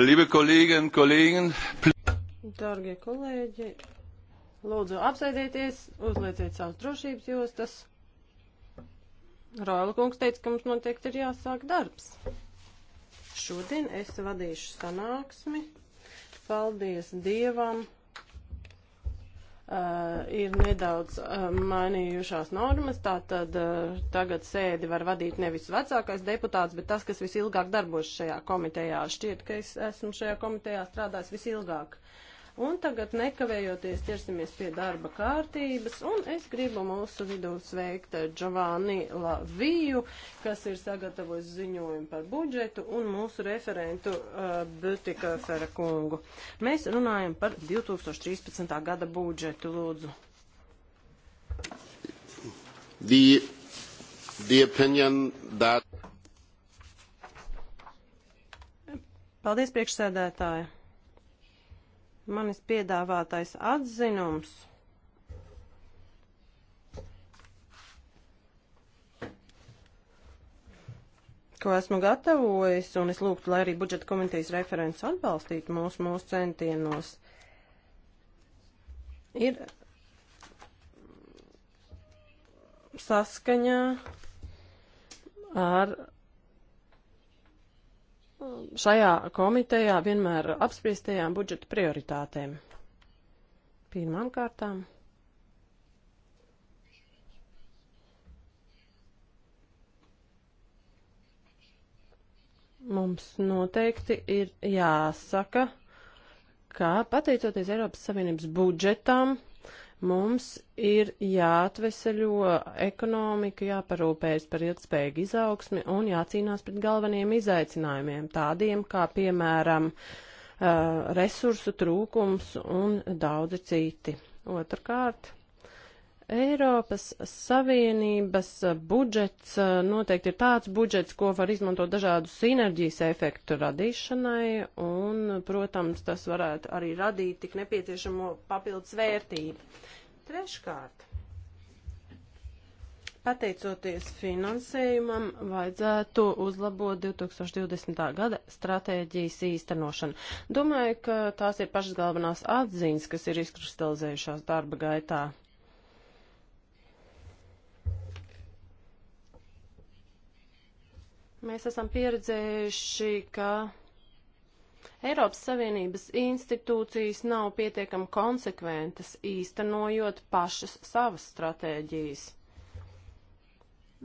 Liebe Kolleginnen und Kollegen, Darbie kolēģi, lūdzu apsēdieties, uzlieciet savas drošības jostas. Roila kungs teica, ka mums noteikti ir jāsāk darbs. Šodien es vadīšu sanāksmi. Paldies Dievam! uh, ir nedaudz uh, mainījušās normas, tātad uh, tagad sēdi var vadīt nevis vecākais deputāts, bet tas, kas visilgāk darbos šajā komitejā. Šķiet, ka es esmu šajā komitejā strādājis visilgāk. Uh, Un tagad nekavējoties ķersimies pie darba kārtības, un es gribu mūsu vidū sveikt Giovanni Laviju, kas ir sagatavojis ziņojumu par budžetu, un mūsu referentu uh, Butika Ferakungu. Mēs runājam par 2013. gada budžetu, lūdzu. The, the opinion that Paldies, priekšsēdētāji manis piedāvātais atzinums. ko esmu gatavojis, un es lūgtu, lai arī budžeta komitejas referents atbalstītu mūsu, mūsu centienos, ir saskaņā ar šajā komitejā vienmēr apspriestajām budžeta prioritātēm. Pirmām kārtām. Mums noteikti ir jāsaka, ka pateicoties Eiropas Savienības budžetam, Mums ir jāatveseļo ekonomika, jāparūpējas par ilgspējīgu izaugsmi un jācīnās pret galveniem izaicinājumiem, tādiem kā, piemēram, eh, resursu trūkums un daudzi citi. Otrakārt, Eiropas Savienības budžets eh, noteikti ir tāds budžets, ko var izmantot dažādu sinerģijas efektu radīšanai, un, protams, tas varētu arī radīt tik nepieciešamo papildus vērtību. Treškārt, pateicoties finansējumam, vajadzētu uzlabot 2020. gada stratēģijas īstenošanu. Domāju, ka tās ir pašas galvenās atziņas, kas ir izkristalizējušās darba gaitā. Mēs esam pieredzējuši, ka Eiropas Savienības institūcijas nav pietiekami konsekventas īstenojot pašas savas stratēģijas.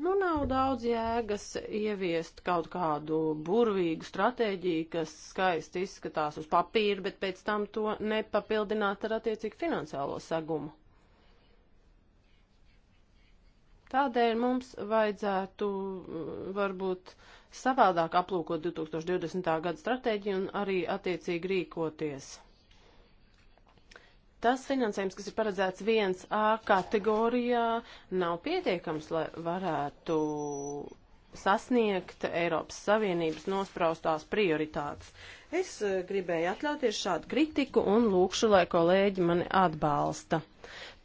Nu, nav daudz jēgas ieviest kaut kādu burvīgu stratēģiju, kas skaisti izskatās uz papīra, bet pēc tam to nepapildināt ar attiecīgu finansiālo segumu. Tādēļ mums vajadzētu uh, varbūt savādāk aplūkot 2020. gada stratēģiju un arī attiecīgi rīkoties. Tas finansējums, kas ir paredzēts 1A kategorijā, nav pietiekams, lai varētu sasniegt Eiropas Savienības nospraustās prioritātes. Es uh, gribēju atļauties šādu kritiku un lūkšu, lai kolēģi mani atbalsta.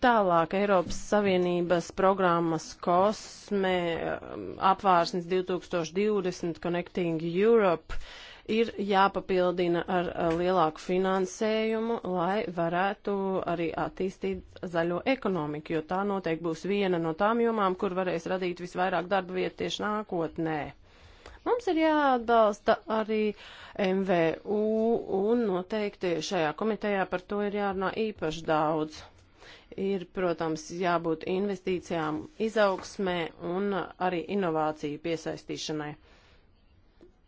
Tālāk Eiropas Savienības programmas kosme um, apvārsnes 2020 Connecting Europe ir jāpapildina ar uh, lielāku finansējumu, lai varētu arī attīstīt zaļo ekonomiku, jo tā noteikti būs viena no tām jomām, kur varēs radīt visvairāk darba vietu tieši nākotnē. Mums ir jāatbalsta arī MVU un noteikti šajā komitejā par to ir jārunā īpaši daudz. Ir, protams, jābūt investīcijām izaugsmē un arī inovāciju piesaistīšanai.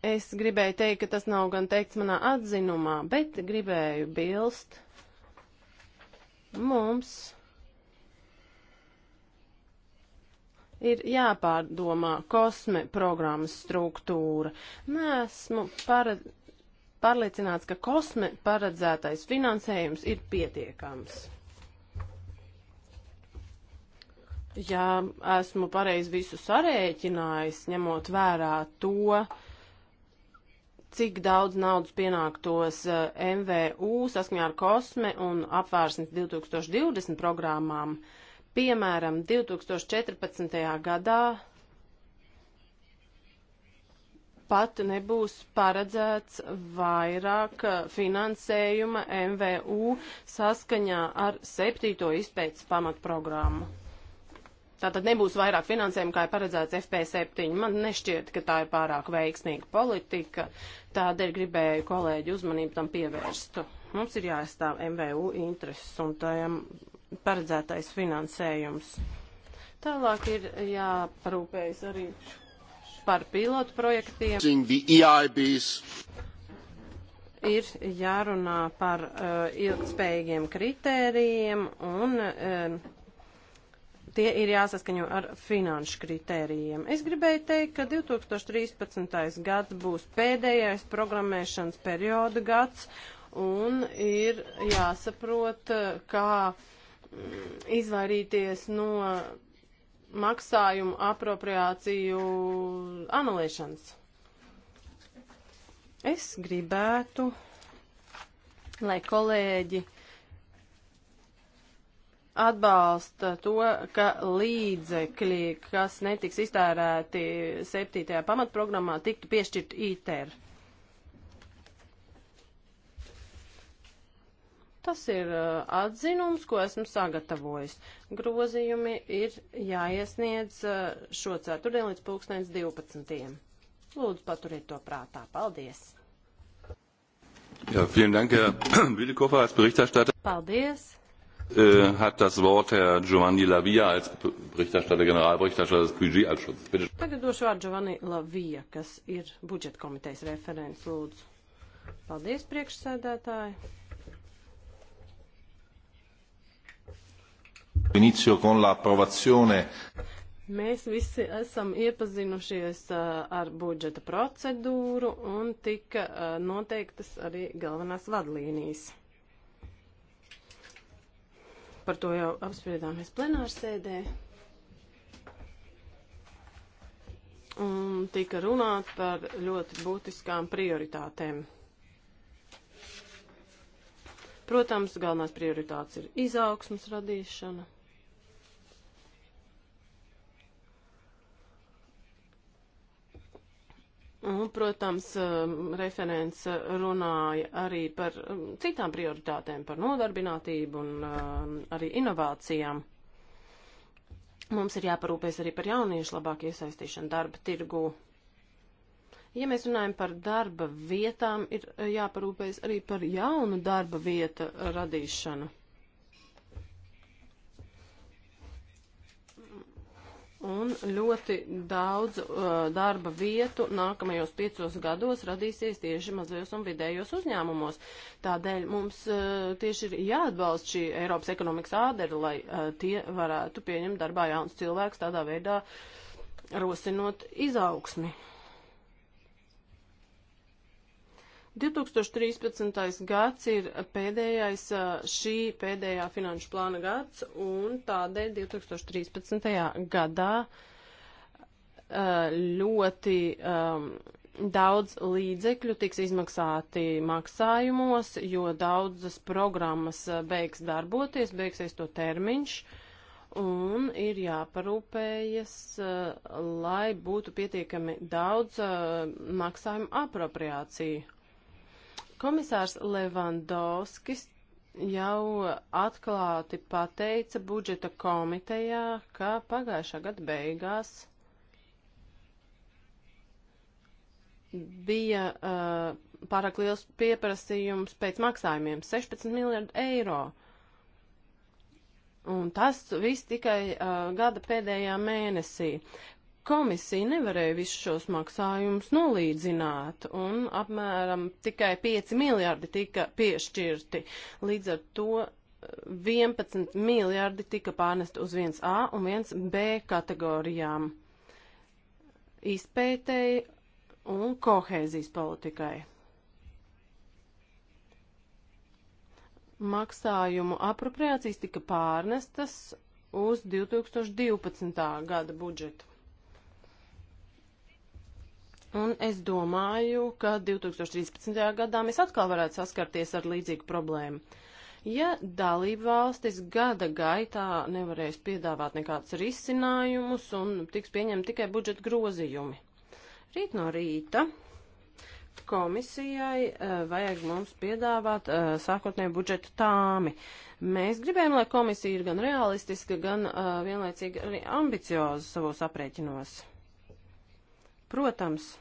Es gribēju teikt, ka tas nav gan teikts manā atzinumā, bet gribēju bilst mums ir jāpārdomā kosme programmas struktūra. Nē, esmu para, pārliecināts, ka kosme paredzētais finansējums ir pietiekams. ja esmu pareizi visu sarēķinājis, ņemot vērā to, cik daudz naudas pienāktos eh, MVU saskaņā ar kosme un apvērsnes 2020 programmām, piemēram, 2014. gadā pat nebūs paredzēts vairāk eh, finansējuma MVU saskaņā ar septīto izpētes pamatprogrammu. Tātad nebūs vairāk finansējuma, kā ir paredzēts FP7. Man nešķiet, ka tā ir pārāk veiksmīga politika, tādēļ gribēju kolēģi uzmanību tam pievērstu. Mums ir jāaizstāv MVU intereses un tajam paredzētais finansējums. Tālāk ir jāparūpējas arī par pilotu projektiem e ir jārunā par uh, ilgspējīgiem kritērijiem un uh, tie ir jāsaskaņo ar finanšu kritērijiem. Es gribēju teikt, ka 2013. gads būs pēdējais programmēšanas perioda gads un ir jāsaprot, kā mm, izvairīties no maksājumu apropriāciju anulēšanas. Es gribētu, lai kolēģi atbalsta to, ka līdzekļi, kas netiks iztērēti 7. pamatprogrammā, tiktu piešķirt ITER. Tas ir uh, atzinums, ko esmu sagatavojis. Grozījumi ir jāiesniedz uh, šo ceturtdienu līdz pulkstens 12. Lūdzu, paturiet to prātā. Paldies! Ja, vielen Dank, Herr Büdikofer, als Berichterstatter. Paldies! äh, hat das Wort Herr Giovanni Lavia als Berichterstatter, Generalberichterstatter des Budgetausschusses. Bitte. Tagad došu vārdu Giovanni Lavia, kas ir budžeta komitejas referents. Lūdzu. Paldies, priekšsēdētāji. Inizio con l'approvazione. Mēs visi esam iepazinušies ar budžeta procedūru un tika noteiktas arī galvenās vadlīnijas par to jau apspriedāmies plenārsēdē. Un tika runāt par ļoti būtiskām prioritātēm. Protams, galvenās prioritātes ir izaugsmas radīšana. Un, protams, um, referents runāja arī par um, citām prioritātēm, par nodarbinātību un um, arī inovācijām. Mums ir jāparūpēs arī par jauniešu labāku iesaistīšanu darba tirgū. Ja mēs runājam par darba vietām, ir uh, jāparūpēs arī par jaunu darba vietu radīšanu. un ļoti daudz uh, darba vietu nākamajos piecos gados radīsies tieši mazajos un vidējos uzņēmumos. Tādēļ mums uh, tieši ir jāatbalsta šī Eiropas ekonomikas ādera, lai uh, tie varētu pieņemt darbā jauns cilvēks tādā veidā rosinot izaugsmi. 2013. gads ir pēdējais šī pēdējā finanšu plāna gads, un tādēļ 2013. gadā ļoti um, daudz līdzekļu tiks izmaksāti maksājumos, jo daudzas programmas beigs darboties, beigsies to termiņš, un ir jāparūpējas, lai būtu pietiekami daudz uh, maksājumu apropriāciju Komisārs Levandovskis jau atklāti pateica budžeta komitejā, ka pagājušā gada beigās bija uh, pārāk liels pieprasījums pēc maksājumiem - 16 miljardu eiro. Un tas viss tikai uh, gada pēdējā mēnesī komisija nevarēja visus šos maksājumus nolīdzināt, un apmēram tikai 5 miljardi tika piešķirti. Līdz ar to 11 eh, miljardi tika pārnest uz 1A un 1B kategorijām izpētēji un kohēzijas politikai. Maksājumu apropriācijas tika pārnestas uz 2012. gada budžetu. Un es domāju, ka 2013. gadā mēs atkal varētu saskarties ar līdzīgu problēmu. Ja dalība valstis gada gaitā nevarēs piedāvāt nekādus risinājumus un tiks pieņemti tikai budžeta grozījumi. Rīt no rīta komisijai uh, vajag mums piedāvāt uh, sākotnēju budžetu tāmi. Mēs gribējām, lai komisija ir gan realistiska, gan uh, vienlaicīgi arī ambicioza savos aprēķinos. Protams,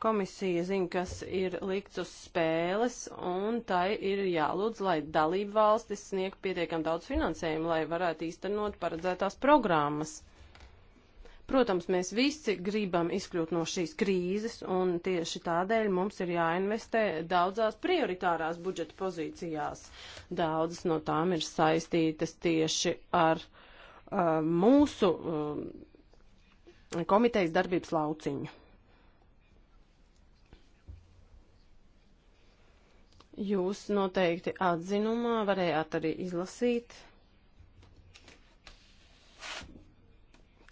Komisija zina, kas ir likts uz spēles, un tai ir jālūdz, lai dalību valstis snieg pietiekam daudz finansējumu, lai varētu īstenot paredzētās programmas. Protams, mēs visi gribam izkļūt no šīs krīzes, un tieši tādēļ mums ir jāinvestē daudzās prioritārās budžeta pozīcijās. Daudzas no tām ir saistītas tieši ar uh, mūsu uh, komitejas darbības lauciņu. Jūs noteikti atzinumā varējāt arī izlasīt,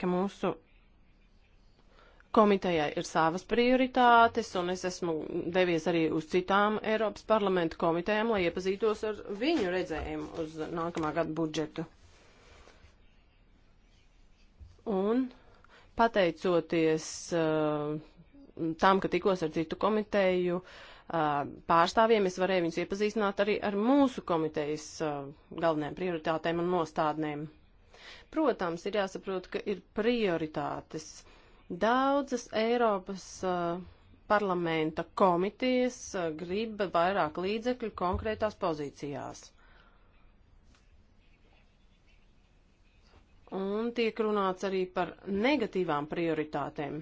ka mūsu komitejai ir savas prioritātes, un es esmu devies arī uz citām Eiropas parlamenta komitejām, lai iepazītos ar viņu redzējumu uz nākamā gada budžetu. Un pateicoties uh, tam, ka tikos ar citu komiteju, uh, pārstāvjiem, es varēju viņus iepazīstināt arī ar mūsu komitejas galvenajām prioritātēm un nostādnēm. Protams, ir jāsaprot, ka ir prioritātes. Daudzas Eiropas uh, parlamenta komitejas uh, grib vairāk līdzekļu konkrētās pozīcijās. Un tiek runāts arī par negatīvām prioritātēm.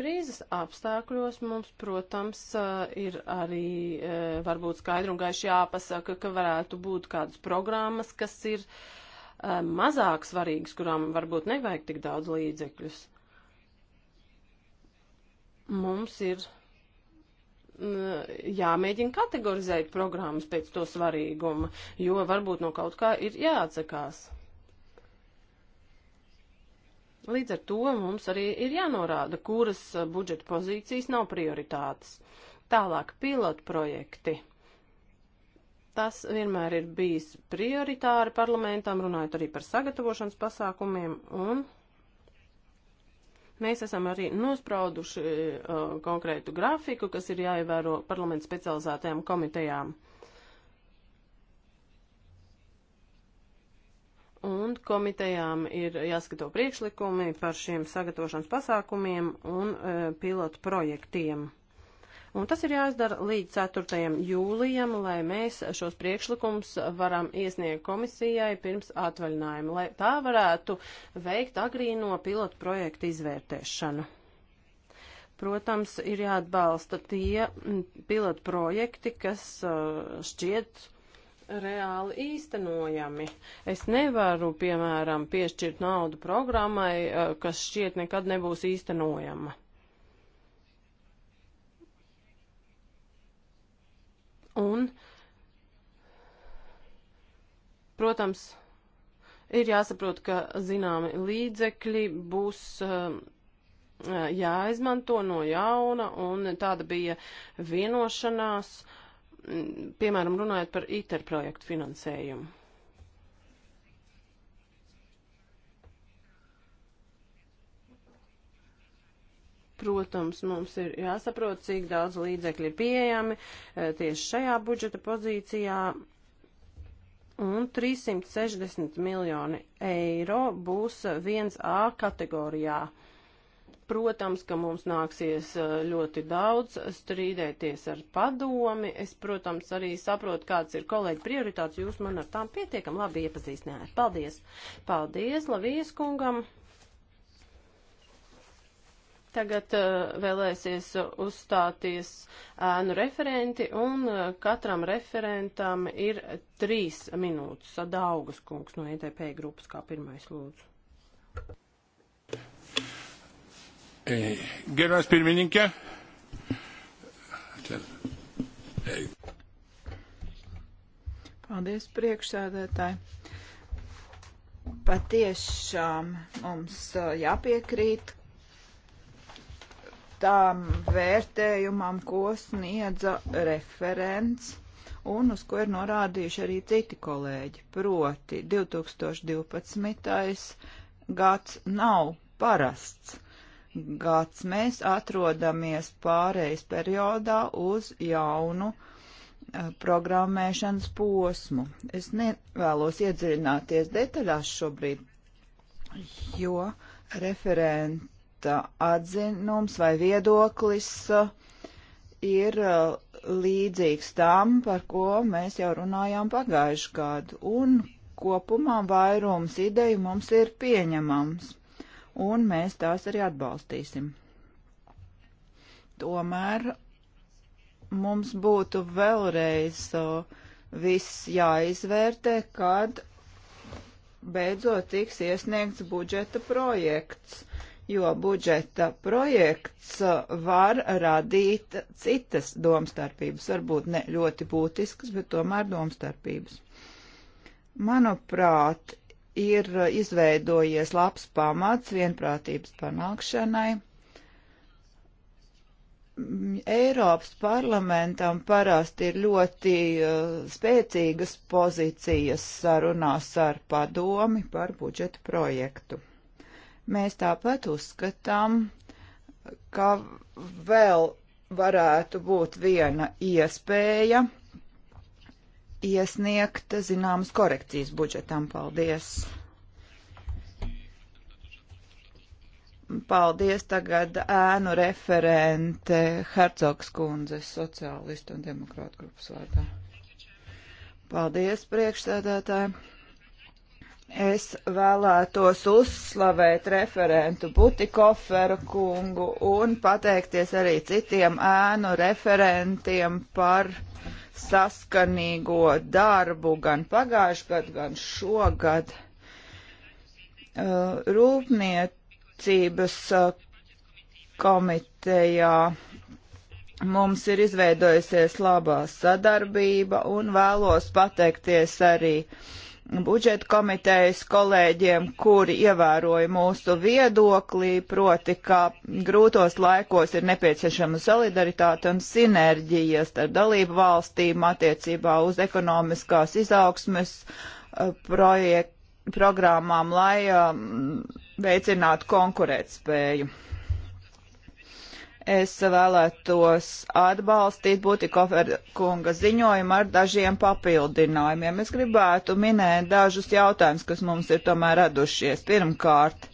Krīzes apstākļos mums, protams, ir arī varbūt skaidri un gaiši jāpasaka, ka varētu būt kādas programmas, kas ir mazāk svarīgas, kurām varbūt nevajag tik daudz līdzekļus. Mums ir jāmēģina kategorizēt programmas pēc to svarīguma, jo varbūt no kaut kā ir jāatsakās. Līdz ar to mums arī ir jānorāda, kuras budžeta pozīcijas nav prioritātes. Tālāk pilotprojekti. Tas vienmēr ir bijis prioritāri parlamentam, runājot arī par sagatavošanas pasākumiem, un mēs esam arī nosprauduši uh, konkrētu grafiku, kas ir jāievēro parlamentu specializētajām komitejām. Uh, un komitejām ir jāskato priekšlikumi par šiem sagatavošanas pasākumiem un e, pilotu projektiem. Un tas ir jāizdara līdz 4. jūlijam, lai mēs šos priekšlikumus varam iesniegt komisijai pirms atvaļinājuma, lai tā varētu veikt agrīno pilotu projektu izvērtēšanu. Protams, ir jāatbalsta tie pilotu projekti, kas e, šķiet reāli īstenojami. Es nevaru, piemēram, piešķirt naudu programmai, eh, kas šķiet nekad nebūs īstenojama. Un, protams, ir jāsaprot, ka zināmi līdzekļi būs uh, jāizmanto no jauna, un tāda bija vienošanās uh, piemēram, runājot par ITER projektu finansējumu. Protams, mums ir jāsaprot, cik daudz līdzekļu ir pieejami e, tieši šajā budžeta pozīcijā. Un 360 miljoni eiro būs 1A kategorijā. Uh, Protams, ka mums nāksies eh, ļoti daudz strīdēties ar padomi. Es, protams, arī saprotu, kāds ir kolēģi prioritāts. Jūs man ar tām pietiekam labi iepazīstinājāt. Paldies! Paldies Lavijas kungam! Tagad uh, vēlēsies uzstāties ēnu referenti, un uh, katram referentam ir trīs minūtes. Sadaugas kungs no ETP grupas kā pirmais lūdzu. Gerbiamas pirmininkė. Paldies, priekšsēdētāji. Patiešām mums uh, jāpiekrīt tām vērtējumam, ko sniedza referents un uz ko ir norādījuši arī citi kolēģi. Proti 2012. gads nav parasts gads. Mēs atrodamies pārejas periodā uz jaunu eh, programmēšanas posmu. Es nevēlos iedziļināties detaļās šobrīd, jo referenta atzinums vai viedoklis eh, ir eh, līdzīgs tam, par ko mēs jau runājām pagājušajā gadu, un kopumā vairums ideju mums ir pieņemams un mēs tās arī atbalstīsim. Tomēr mums būtu vēlreiz uh, viss jāizvērtē, kad beidzot tiks iesniegts budžeta projekts, jo budžeta projekts uh, var radīt citas domstarpības, varbūt ne ļoti būtiskas, bet tomēr domstarpības. Manuprāt, ir uh, izveidojies labs pamats vienprātības panākšanai. Mm, Eiropas parlamentam parasti ir ļoti uh, spēcīgas pozīcijas sarunās ar padomi par budžetu projektu. Mēs tāpat uzskatām, ka vēl varētu būt viena iespēja iesniegt zināmas korekcijas budžetam. Paldies! Paldies tagad ēnu referente Hercogs kundze sociālistu un demokrātu grupas vārdā. Paldies priekšsēdētāji. Es vēlētos uzslavēt referentu Butikoferu kungu un pateikties arī citiem ēnu referentiem par uh, saskanīgo darbu gan pagājuši gadu, gan šogad. Uh, rūpniecības uh, komitejā mums ir izveidojusies labā sadarbība un vēlos pateikties arī uh, budžeta komitejas kolēģiem, kuri ievēroja mūsu viedoklī, proti, ka grūtos laikos ir nepieciešama solidaritāte un sinerģijas starp dalību valstīm attiecībā uz ekonomiskās izaugsmes uh, projektu programmām, lai um, veicinātu konkurētspēju. Es vēlētos atbalstīt Butikofer kunga ziņojumu ar dažiem papildinājumiem. Es gribētu minēt dažus jautājumus, kas mums ir tomēr radušies. Pirmkārt,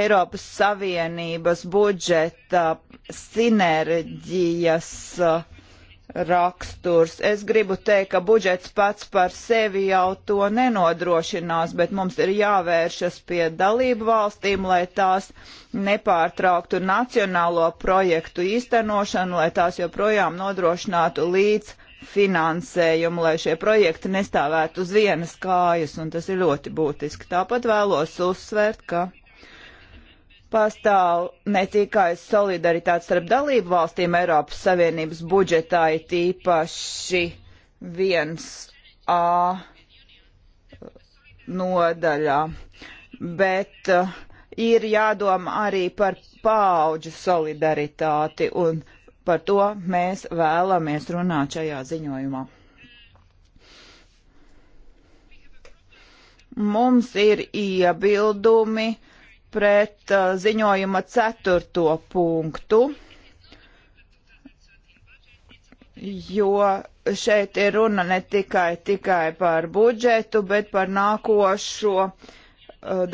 Eiropas Savienības budžeta sinerģijas uh, raksturs. Es gribu teikt, ka budžets pats par sevi jau to nenodrošinās, bet mums ir jāvēršas pie dalību valstīm, lai tās nepārtrauktu nacionālo projektu īstenošanu, lai tās joprojām nodrošinātu līdz finansējumu, lai šie projekti nestāvētu uz vienas kājas, un tas ir ļoti būtiski. Tāpat vēlos uzsvērt, ka pastāv ne tikai solidaritāte starp dalību valstīm Eiropas Savienības budžetā, ir tīpaši viens A nodaļā, bet uh, ir jādoma arī par paauģu solidaritāti, un par to mēs vēlamies runāt šajā ziņojumā. Mums ir iebildumi uh, pret uh, ziņojuma ceturto punktu, jo šeit ir runa ne tikai, tikai par budžetu, bet par nākošo uh,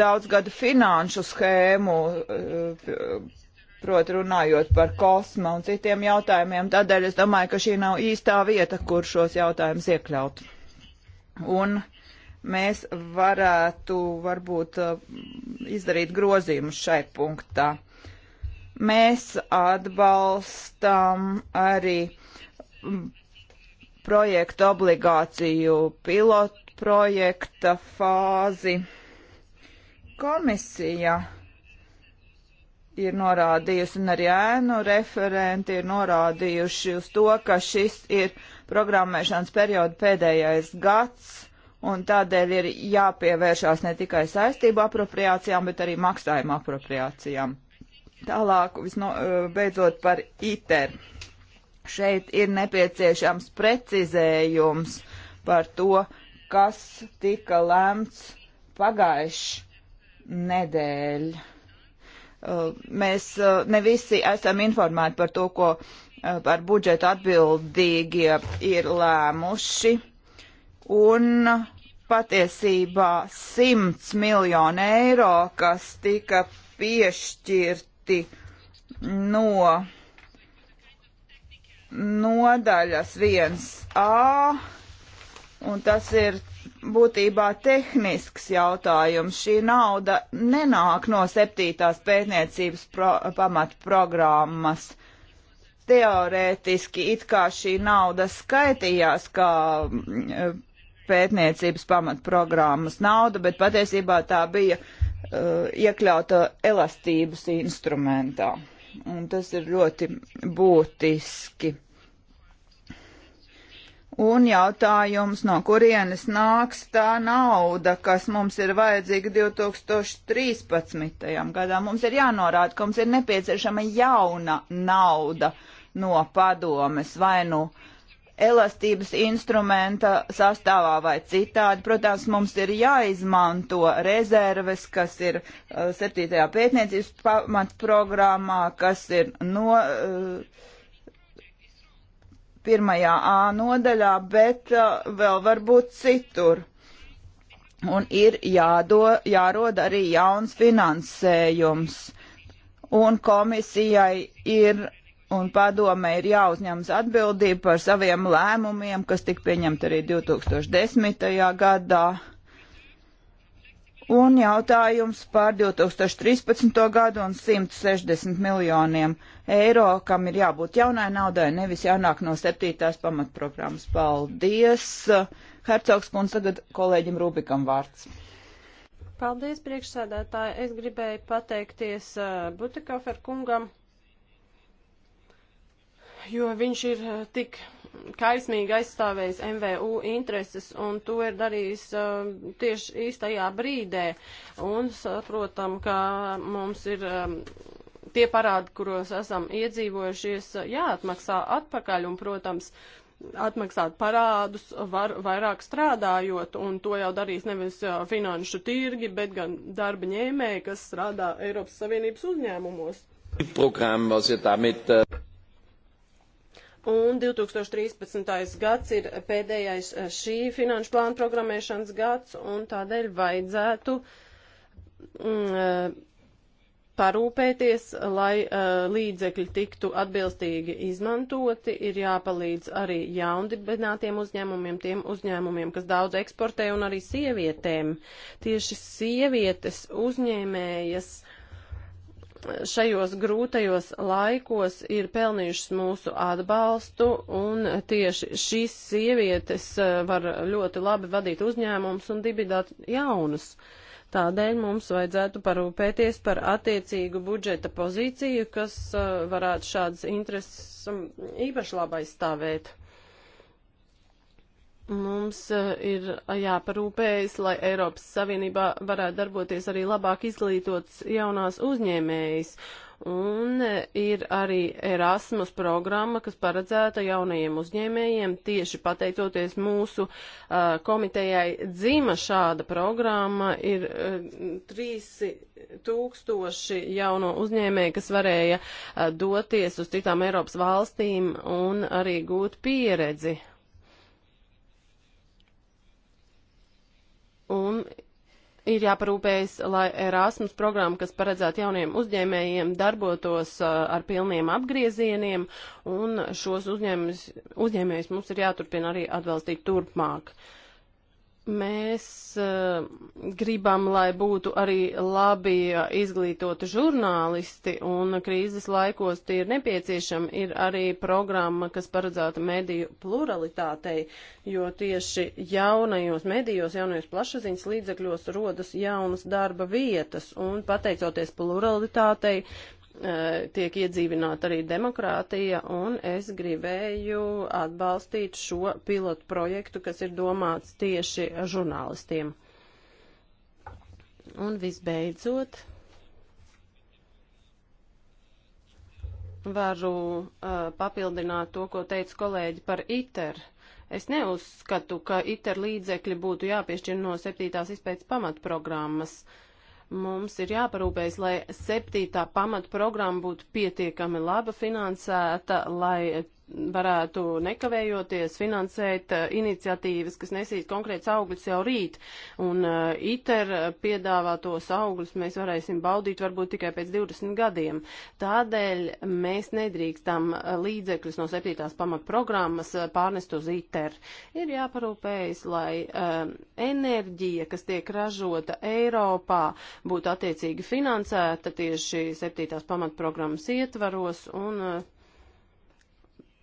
daudzgadu finanšu schēmu, uh, proti runājot par kosmu un citiem jautājumiem. Tādēļ es domāju, ka šī nav īstā vieta, kur šos jautājumus iekļaut. Un uh, mēs varētu varbūt eh, izdarīt grozījumus šai punktā. Mēs atbalstam arī mm, projektu obligāciju pilotu projekta fāzi. Komisija ir norādījusi, un arī ēnu referenti ir norādījuši uz to, ka šis ir programmēšanas perioda pēdējais gads, un tādēļ ir jāpievēršās ne tikai saistību apropriācijām, bet arī maksājuma apropriācijām. Tālāk, visno, eh, beidzot par ITER. Šeit ir nepieciešams precizējums par to, kas tika lemts pagājuši nedēļ. Eh, mēs eh, ne visi esam informēti par to, ko par budžetu atbildīgie ir lēmuši un patiesībā 100 miljonu eiro, kas tika piešķirti no nodaļas 1A, un tas ir būtībā tehnisks jautājums. Šī nauda nenāk no septītās pētniecības pro, pamatprogrammas. Teorētiski it kā šī nauda skaitījās kā pētniecības pamatprogrammas nauda, bet patiesībā tā bija uh, iekļauta elastības instrumentā. Un tas ir ļoti būtiski. Un jautājums, no kurienes nāks tā nauda, kas mums ir vajadzīga 2013. gadā. Mums ir jānorāda, ka mums ir nepieciešama jauna nauda no padomes vai nu no elastības instrumenta sastāvā vai citādi. Protams, mums ir jāizmanto rezerves, kas ir 7. Uh, pētniecības pamatprogrammā, kas ir no. Uh, pirmajā A nodaļā, bet uh, vēl varbūt citur. Un ir jādo, jārod arī jauns finansējums un komisijai ir un padome ir jāuzņemas atbildība par saviem lēmumiem, kas tika pieņemti arī 2010. gadā. Un jautājums par 2013. gadu un 160 miljoniem eiro, kam ir jābūt jaunai naudai, nevis jānāk no septītās pamatprogrammas. Paldies! Hercogs kundze tagad kolēģim Rubikam vārds. Paldies, priekšsēdētāji! Es gribēju pateikties uh, Butikofer kungam jo viņš ir eh, tik kaismīgi aizstāvējis MVU intereses un to ir darījis uh, tieši īstajā brīdē. Un saprotam, ka mums ir um, tie parādi, kuros esam iedzīvojušies, jāatmaksā atpakaļ un, protams, atmaksāt parādus var vairāk strādājot, un to jau darīs nevis finanšu tirgi, bet gan darba ņēmēji, kas strādā Eiropas Savienības uzņēmumos. Programma, was ihr damit, uh... Un 2013. gads ir pēdējais eh, šī finanšu plāna programmēšanas gads, un tādēļ vajadzētu mm, eh, parūpēties, lai uh, līdzekļi tiktu atbilstīgi izmantoti, ir jāpalīdz arī jaundibinātiem uzņēmumiem, tiem uzņēmumiem, kas daudz eksportē, un arī sievietēm. Tieši sievietes uzņēmējas uh, šajos grūtajos laikos ir pelnījušas mūsu atbalstu, un tieši šīs sievietes eh, var ļoti labi vadīt uzņēmumus un dibināt jaunus. Tādēļ mums vajadzētu parūpēties par attiecīgu budžeta pozīciju, kas eh, varētu šādas intereses mm, īpaši labi aizstāvēt. Mums eh, ir eh, jāparūpējas, lai Eiropas Savienībā varētu darboties arī labāk izglītots jaunās uzņēmējas. Un eh, ir arī Erasmus programma, kas paredzēta jaunajiem uzņēmējiem. Tieši pateicoties mūsu uh, komitejai dzima šāda programma, ir uh, 3000 jauno uzņēmēju, kas varēja uh, doties uz citām Eiropas valstīm un arī gūt pieredzi Un ir jāparūpējas, lai Erasmus programma, kas paredzēta jauniem uzņēmējiem, darbotos uh, ar pilniem apgriezieniem, un šos uzņēmējus mums ir jāturpina arī atbalstīt turpmāk. Uh, mēs uh, gribam, lai būtu arī labi uh, izglītoti žurnālisti, un krīzes laikos tie ir nepieciešami. Ir arī programma, kas paredzēta mediju pluralitātei, jo tieši jaunajos medijos, jaunajos plašsaziņas līdzekļos rodas jaunas darba vietas, un pateicoties pluralitātei, tiek iedzīvināta arī demokrātija, un es gribēju atbalstīt šo pilotu projektu, kas ir domāts tieši žurnālistiem. Un visbeidzot, varu uh, papildināt to, ko teica kolēģi par ITER. Es neuzskatu, ka ITER līdzekļi būtu jāpiešķir no septītās izpētes pamatprogrammas. Uh, Mums ir jāparūpējas, lai septītā pamata programma būtu pietiekami laba finansēta, lai varētu nekavējoties finansēt eh, iniciatīvas, kas nesīs konkrēts augļus jau rīt, un eh, ITER piedāvātos augļus mēs varēsim baudīt varbūt tikai pēc 20 gadiem. Tādēļ mēs nedrīkstam eh, līdzekļus no septītās pamatprogrammas pārnest uz ITER. Ir jāparūpējas, lai um, enerģija, kas tiek ražota Eiropā, būtu attiecīgi finansēta tieši septītās pamatprogrammas ietvaros, un uh,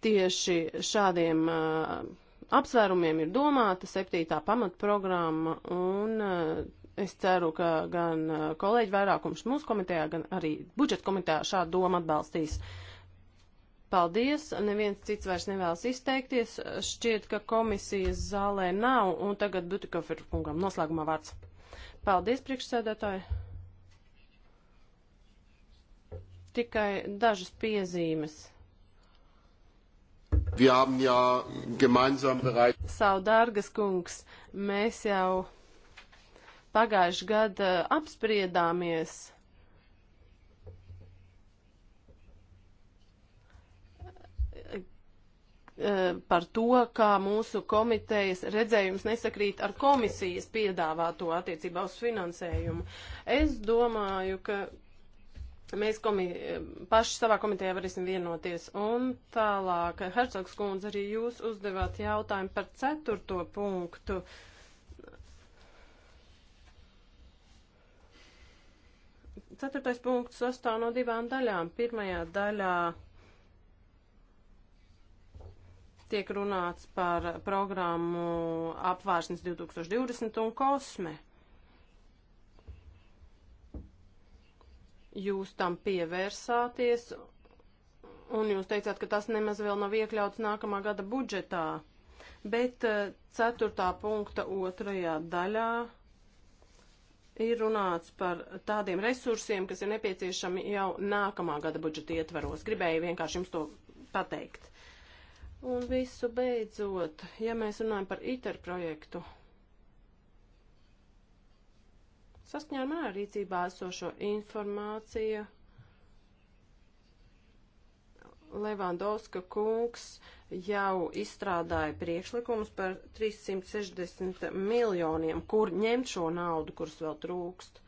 tieši šādiem uh, apsvērumiem ir domāta septītā pamatprogramma, un uh, es ceru, ka gan uh, kolēģi vairākums mūsu komitejā, gan arī budžeta komitejā šādu domu atbalstīs. Paldies, neviens cits vairs nevēlas izteikties, šķiet, ka komisijas zālē nav, un tagad Butikofer kungam noslēgumā vārds. Paldies, priekšsēdētāji! tikai dažas piezīmes. Wir haben ja gemeinsam bereits. Savu dārgas kungs, mēs jau pagājuši gadu eh, apspriedāmies. Eh, par to, kā mūsu komitejas redzējums nesakrīt ar komisijas piedāvāto attiecībā uz finansējumu. Es domāju, ka mēs komi, paši savā komitejā varēsim vienoties. Un tālāk, Hercogs kundze, arī jūs uzdevāt jautājumu par ceturto punktu. Ceturtais punkts sastāv no divām daļām. Pirmajā daļā tiek runāts par programmu apvārsnes 2020 un kosme. jūs tam pievērsāties, un jūs teicāt, ka tas nemaz vēl nav iekļauts nākamā gada budžetā. Bet eh, ceturtā punkta otrajā daļā ir runāts par tādiem resursiem, kas ir nepieciešami jau nākamā gada budžeta ietvaros. Gribēju vienkārši jums to pateikt. Un visu beidzot, ja mēs runājam par ITER projektu, Saskaņā ar manā rīcībā esošo informāciju Levandovska kungs jau izstrādāja priekšlikumus par 360 miljoniem, kur ņemt šo naudu, kuras vēl trūkst.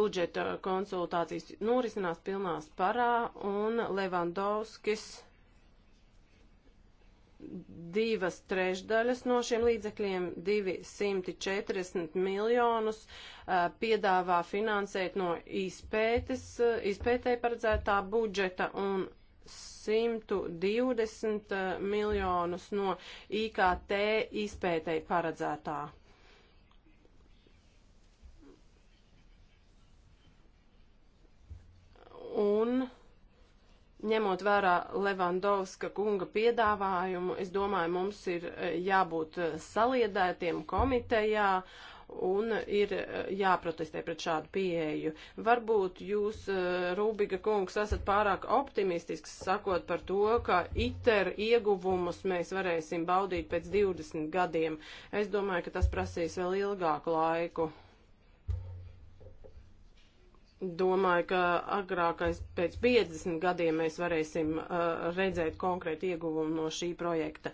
Budžeta konsultācijas norisinās pilnā sparā, un Levandovskis divas trešdaļas no šiem līdzekļiem, 240 miljonus, piedāvā finansēt no izpētes, izpētē paredzētā budžeta un 120 miljonus no IKT izpētē paredzētā. Un ņemot vērā Levandovska kunga piedāvājumu, es domāju, mums ir eh, jābūt eh, saliedētiem komitejā un ir eh, jāprotestē pret šādu pieeju. Varbūt jūs, Rūbiga kungs, esat pārāk optimistisks, sakot par to, ka ITER ieguvumus mēs varēsim baudīt pēc 20 gadiem. Es domāju, ka tas prasīs vēl ilgāku laiku. Domāju, ka agrākais pēc 50 gadiem mēs varēsim uh, redzēt konkrētu ieguvumu no šī projekta.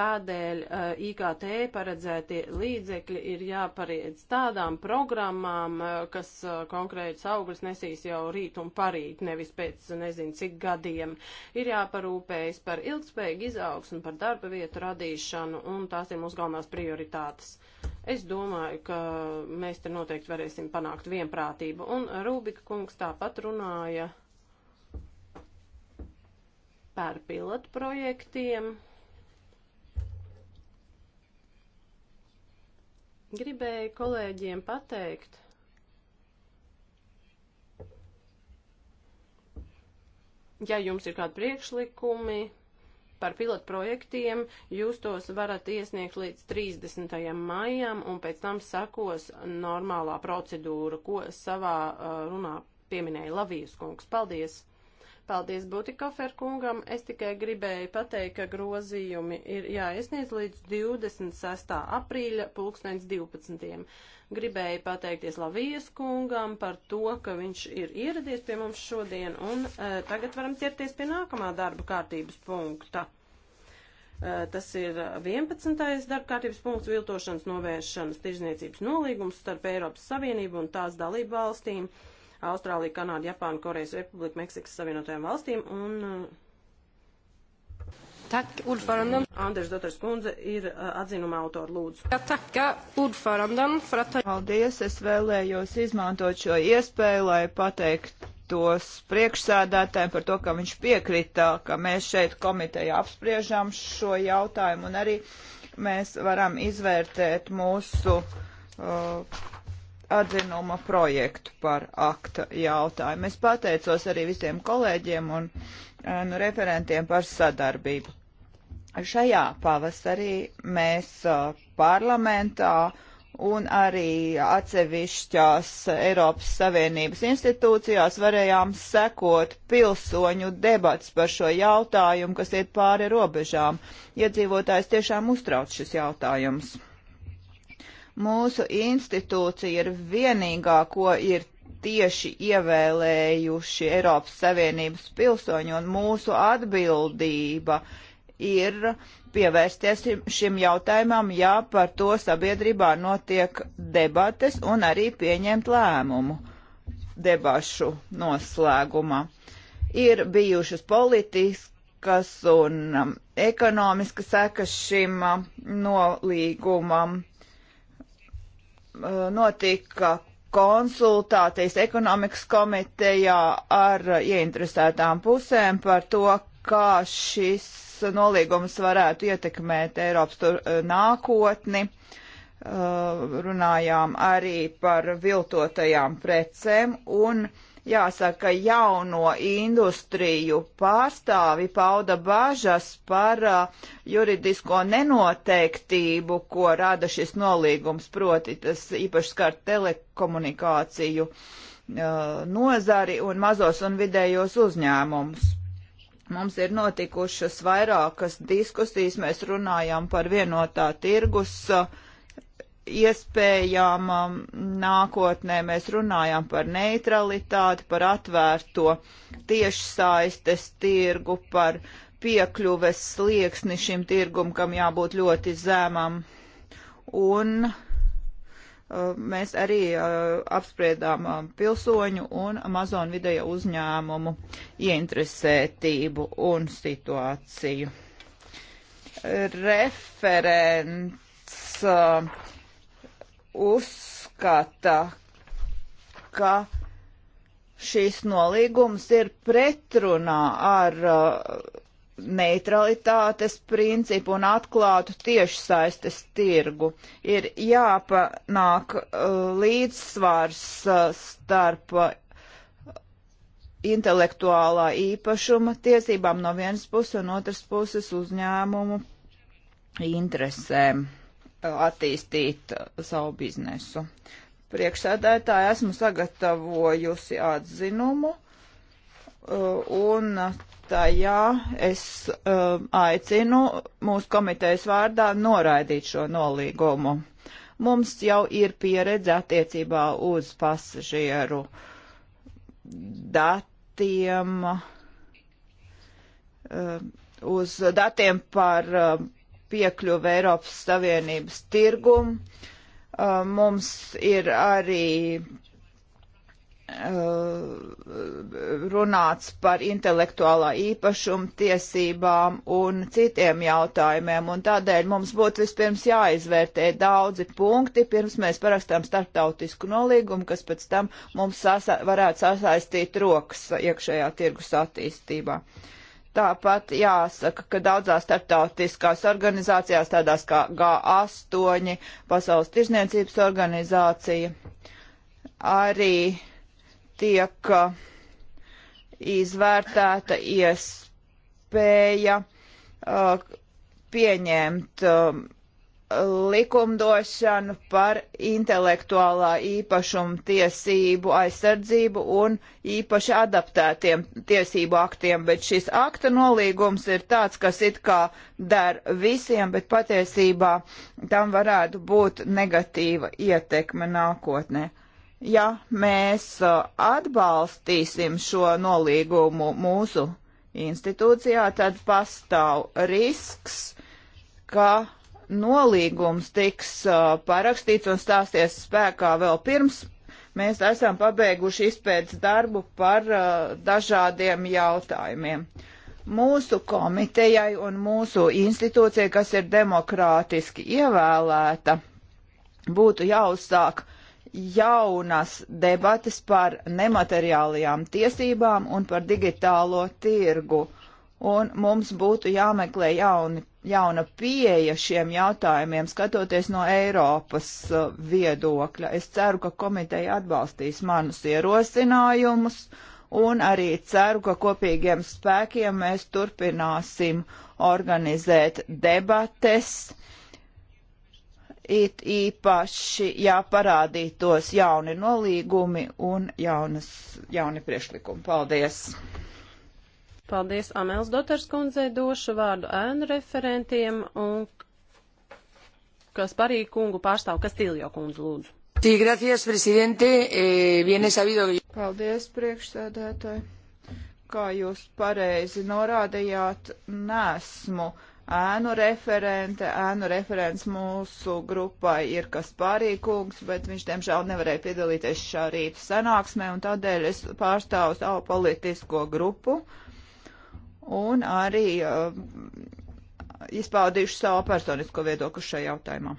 Tādēļ uh, IKT paredzētie līdzekļi ir jāpariedz tādām programmām, uh, kas uh, konkrētas augļus nesīs jau rīt un parīt, nevis pēc nezinu cik gadiem. Ir jāparūpējas par ilgspējīgu izaugsmu, par darba vietu radīšanu, un tās ir mūsu galvenās prioritātes. Es domāju, ka mēs te noteikti varēsim panākt vienprātību. Un Rūbika kungs tāpat runāja par pilotu projektiem. Gribēju kolēģiem pateikt, ja jums ir kādi priekšlikumi, Par pilotu projektiem jūs tos varat iesniegt līdz 30. maijam, un pēc tam sakos normālā procedūra, ko savā uh, runā pieminēja Lavijas kungs. Paldies! Paldies Butikofer kungam. Es tikai gribēju pateikt, ka grozījumi ir jāiesniedz līdz 26. aprīļa pulkstens 12. Gribēju pateikties Lavijas kungam par to, ka viņš ir ieradies pie mums šodien, un e, tagad varam ķerties pie nākamā darba kārtības punkta. E, tas ir 11. darba kārtības punkts viltošanas novēršanas tirzniecības nolīgums starp Eiropas Savienību un tās dalību valstīm. E, Austrāliju, Kanādu, Japānu, Korejas Republiku, Meksikas Savienotajām valstīm un uh, Tack ordföranden. Anders Dotters kundze ir uh, atzinuma autora lūdzu. Ja, taka ordföranden för att... Paldies, es vēlējos izmantot šo iespēju, lai pateiktos priekšsādātājiem par to, ka viņš piekrita, ka mēs šeit komiteja apspriežam šo jautājumu un arī mēs varam izvērtēt mūsu uh, atzinuma projektu par akta jautājumu. Es pateicos arī visiem kolēģiem un eh, nu, referentiem par sadarbību. Šajā pavasarī mēs eh, parlamentā un arī atsevišķās Eiropas Savienības institūcijās varējām sekot pilsoņu debats par šo jautājumu, kas iet pāri robežām. Iedzīvotājs tiešām uztrauc šis jautājums. Mūsu institūcija ir vienīgā, ko ir tieši ievēlējuši Eiropas Savienības pilsoņi, un mūsu atbildība ir pievērsties šim jautājumam, ja par to sabiedrībā notiek debates un arī pieņemt lēmumu debašu noslēgumā. Ir bijušas politiskas un um, ekonomiskas sekas šim um, nolīgumam Eh, notika konsultācijas ekonomikas komitejā ar ieinteresētām pusēm par to, kā šis nolīgums varētu ietekmēt Eiropas tur, eh, nākotni. Uh, runājām arī par viltotajām precēm un uh, Jāsaka, jauno industriju pārstāvi pauda bažas par uh, juridisko nenoteiktību, ko rada šis nolīgums, proti tas īpaši skar telekomunikāciju uh, nozari un mazos un vidējos uzņēmumus. Mums ir notikušas vairākas diskusijas, mēs runājām par vienotā tirgus uh, iespējām um, nākotnē mēs runājam par neutralitāti, par atvērto tiešsaistes tirgu, par piekļuves slieksni šim tirgum, kam jābūt ļoti zemam. Un uh, mēs arī uh, apspriedām um, pilsoņu un mazo un vidējo uzņēmumu ieinteresētību un situāciju. Referents uh, uzskata, ka šīs nolīgums ir pretrunā ar uh, neutralitātes principu un atklātu tiešsaistes tirgu. Ir jāpanāk uh, līdzsvars uh, starp uh, intelektuālā īpašuma tiesībām no vienas puses un otras puses uzņēmumu interesēm attīstīt uh, savu biznesu. Priekšsēdētāji esmu sagatavojusi atzinumu uh, un tajā es uh, aicinu mūsu komitejas vārdā noraidīt šo nolīgumu. Mums jau ir pieredze attiecībā uz pasažieru datiem, uz datiem par piekļuvi Eiropas Savienības tirgumu. Uh, mums ir arī uh, runāts par intelektuālā īpašuma tiesībām un citiem jautājumiem, un tādēļ mums būtu vispirms jāizvērtē daudzi punkti, pirms mēs parakstām starptautisku nolīgumu, kas pēc tam mums sasa varētu sasaistīt rokas iekšējā tirgus attīstībā. Uh, Tāpat jāsaka, ka daudzās starptautiskās organizācijās, tādās kā G8, Pasaules tirzniecības organizācija, arī tiek uh, izvērtēta iespēja uh, pieņemt uh, likumdošanu par intelektuālā īpašuma tiesību aizsardzību un īpaši adaptētiem tiesību aktiem, bet šis akta nolīgums ir tāds, kas it kā der visiem, bet patiesībā tam varētu būt negatīva ietekme nākotnē. Ja mēs uh, atbalstīsim šo nolīgumu mūsu institūcijā, tad pastāv risks, ka nolīgums tiks uh, parakstīts un stāsies spēkā vēl pirms mēs esam pabeiguši izpētes darbu par uh, dažādiem jautājumiem. Mūsu komitejai un mūsu institūcijai, kas ir demokrātiski ievēlēta, būtu jāuzsāk jaunas debates par nemateriālajām tiesībām un par digitālo tirgu. Un mums būtu jāmeklē jauni jauna pieeja šiem jautājumiem, skatoties no Eiropas uh, viedokļa. Es ceru, ka komiteja atbalstīs manus ierosinājumus un arī ceru, ka kopīgiem spēkiem mēs turpināsim organizēt debates. It īpaši jāparādītos jauni nolīgumi un jaunas, jauni priešlikumi. Paldies! Paldies Amels Dotars kundzei, došu vārdu ēnu referentiem un kas parī kungu pārstāv, kas Tiljo kundzu lūdzu. Sí, gracias, presidente. Eh, bien sabido. Paldies, priekšsēdētāji. Kā jūs pareizi norādījāt, nesmu ēnu referente. Ēnu referents mūsu grupai ir Kasparī kungs, bet viņš, diemžēl, nevarēja piedalīties šā rīta sanāksmē, un tādēļ es pārstāvu savu politisko grupu. Uh, un arī uh, izpaudījuši savu personisko viedokli šajā jautājumā.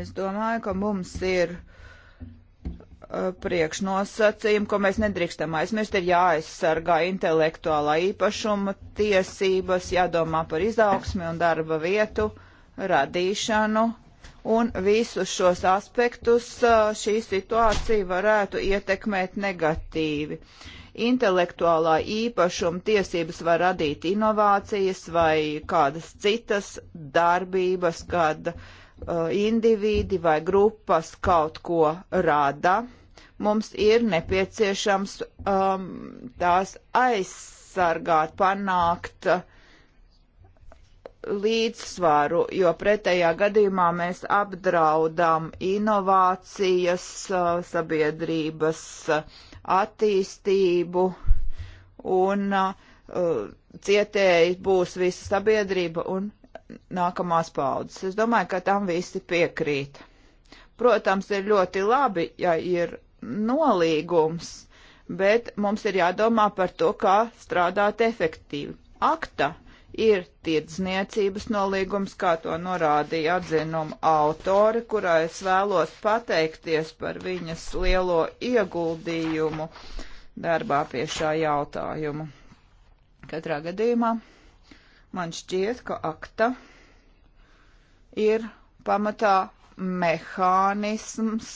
Es domāju, ka mums ir uh, priekšnosacījumi, ko mēs nedrīkstam aizmirst, ir jāaizsargā intelektuālā īpašuma tiesības, jādomā par izaugsmi un darba vietu radīšanu un visus šos aspektus šī situācija varētu ietekmēt negatīvi. Intelektuālā īpašuma tiesības var radīt inovācijas vai kādas citas darbības, kad uh, individi vai grupas kaut ko rada. Mums ir nepieciešams um, tās aizsargāt, panākt uh, līdzsvaru, jo pretējā gadījumā mēs apdraudam inovācijas, sabiedrības attīstību un cietēji būs visa sabiedrība un nākamās paudzes. Es domāju, ka tam visi piekrīt. Protams, ir ļoti labi, ja ir nolīgums, bet mums ir jādomā par to, kā strādāt efektīvi. Akta ir tirdzniecības nolīgums, kā to norādīja atzinuma autori, kurā es vēlos pateikties par viņas lielo ieguldījumu darbā pie šā jautājuma. Katrā gadījumā man šķiet, ka akta ir pamatā mehānisms,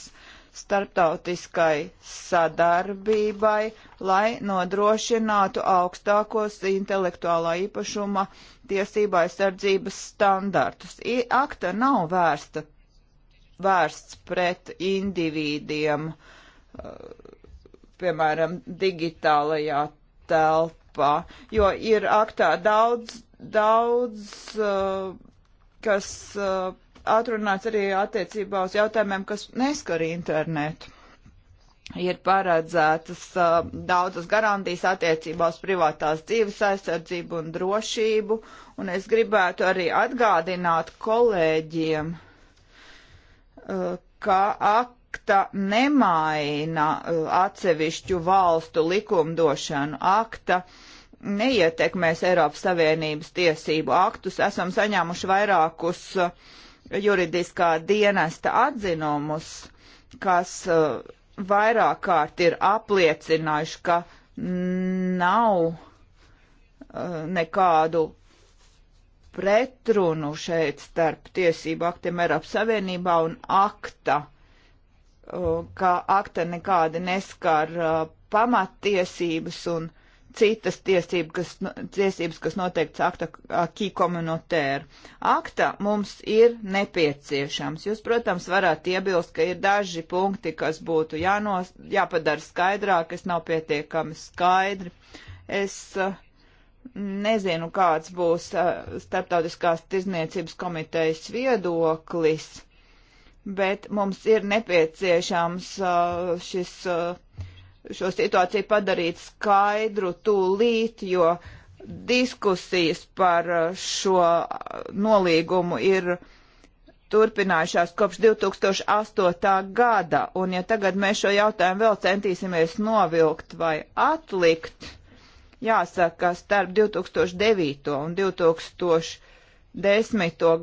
starptautiskai sadarbībai, lai nodrošinātu augstākos intelektuālā īpašuma tiesībā aizsardzības standartus. I, akta nav vērsta, vērsts pret individiem, uh, piemēram, digitālajā telpā, jo ir aktā daudz, daudz, uh, kas uh, atrunāts arī attiecībā uz jautājumiem, kas neskar internetu. Ir paredzētas uh, daudzas garantijas attiecībā uz privātās dzīves aizsardzību un drošību, un es gribētu arī atgādināt kolēģiem, uh, ka akta nemaina uh, atsevišķu valstu likumdošanu. Akta uh, neietekmēs Eiropas Savienības tiesību aktus. Esam saņēmuši vairākus uh, juridiskā dienesta atzinumus, kas uh, vairāk kārt ir apliecinājuši, ka nav uh, nekādu pretrunu šeit starp tiesību aktiem Eiropas Savienībā un akta, uh, ka akta nekādi neskar pamattiesības un citas tiesības, kas, tiesības, kas noteikts akta akī komunotēra. Akta mums ir nepieciešams. Jūs, protams, varat iebilst, ka ir daži punkti, kas būtu jānos, jāpadara skaidrāk, kas nav pietiekami skaidri. Es uh, nezinu, kāds būs uh, starptautiskās tirzniecības komitejas viedoklis, bet mums ir nepieciešams uh, šis šo situāciju padarīt skaidru tūlīt, jo diskusijas par uh, šo uh, nolīgumu ir turpinājušās kopš 2008. gada, un ja tagad mēs šo jautājumu vēl centīsimies novilkt vai atlikt, jāsaka, starp 2009. un 2010.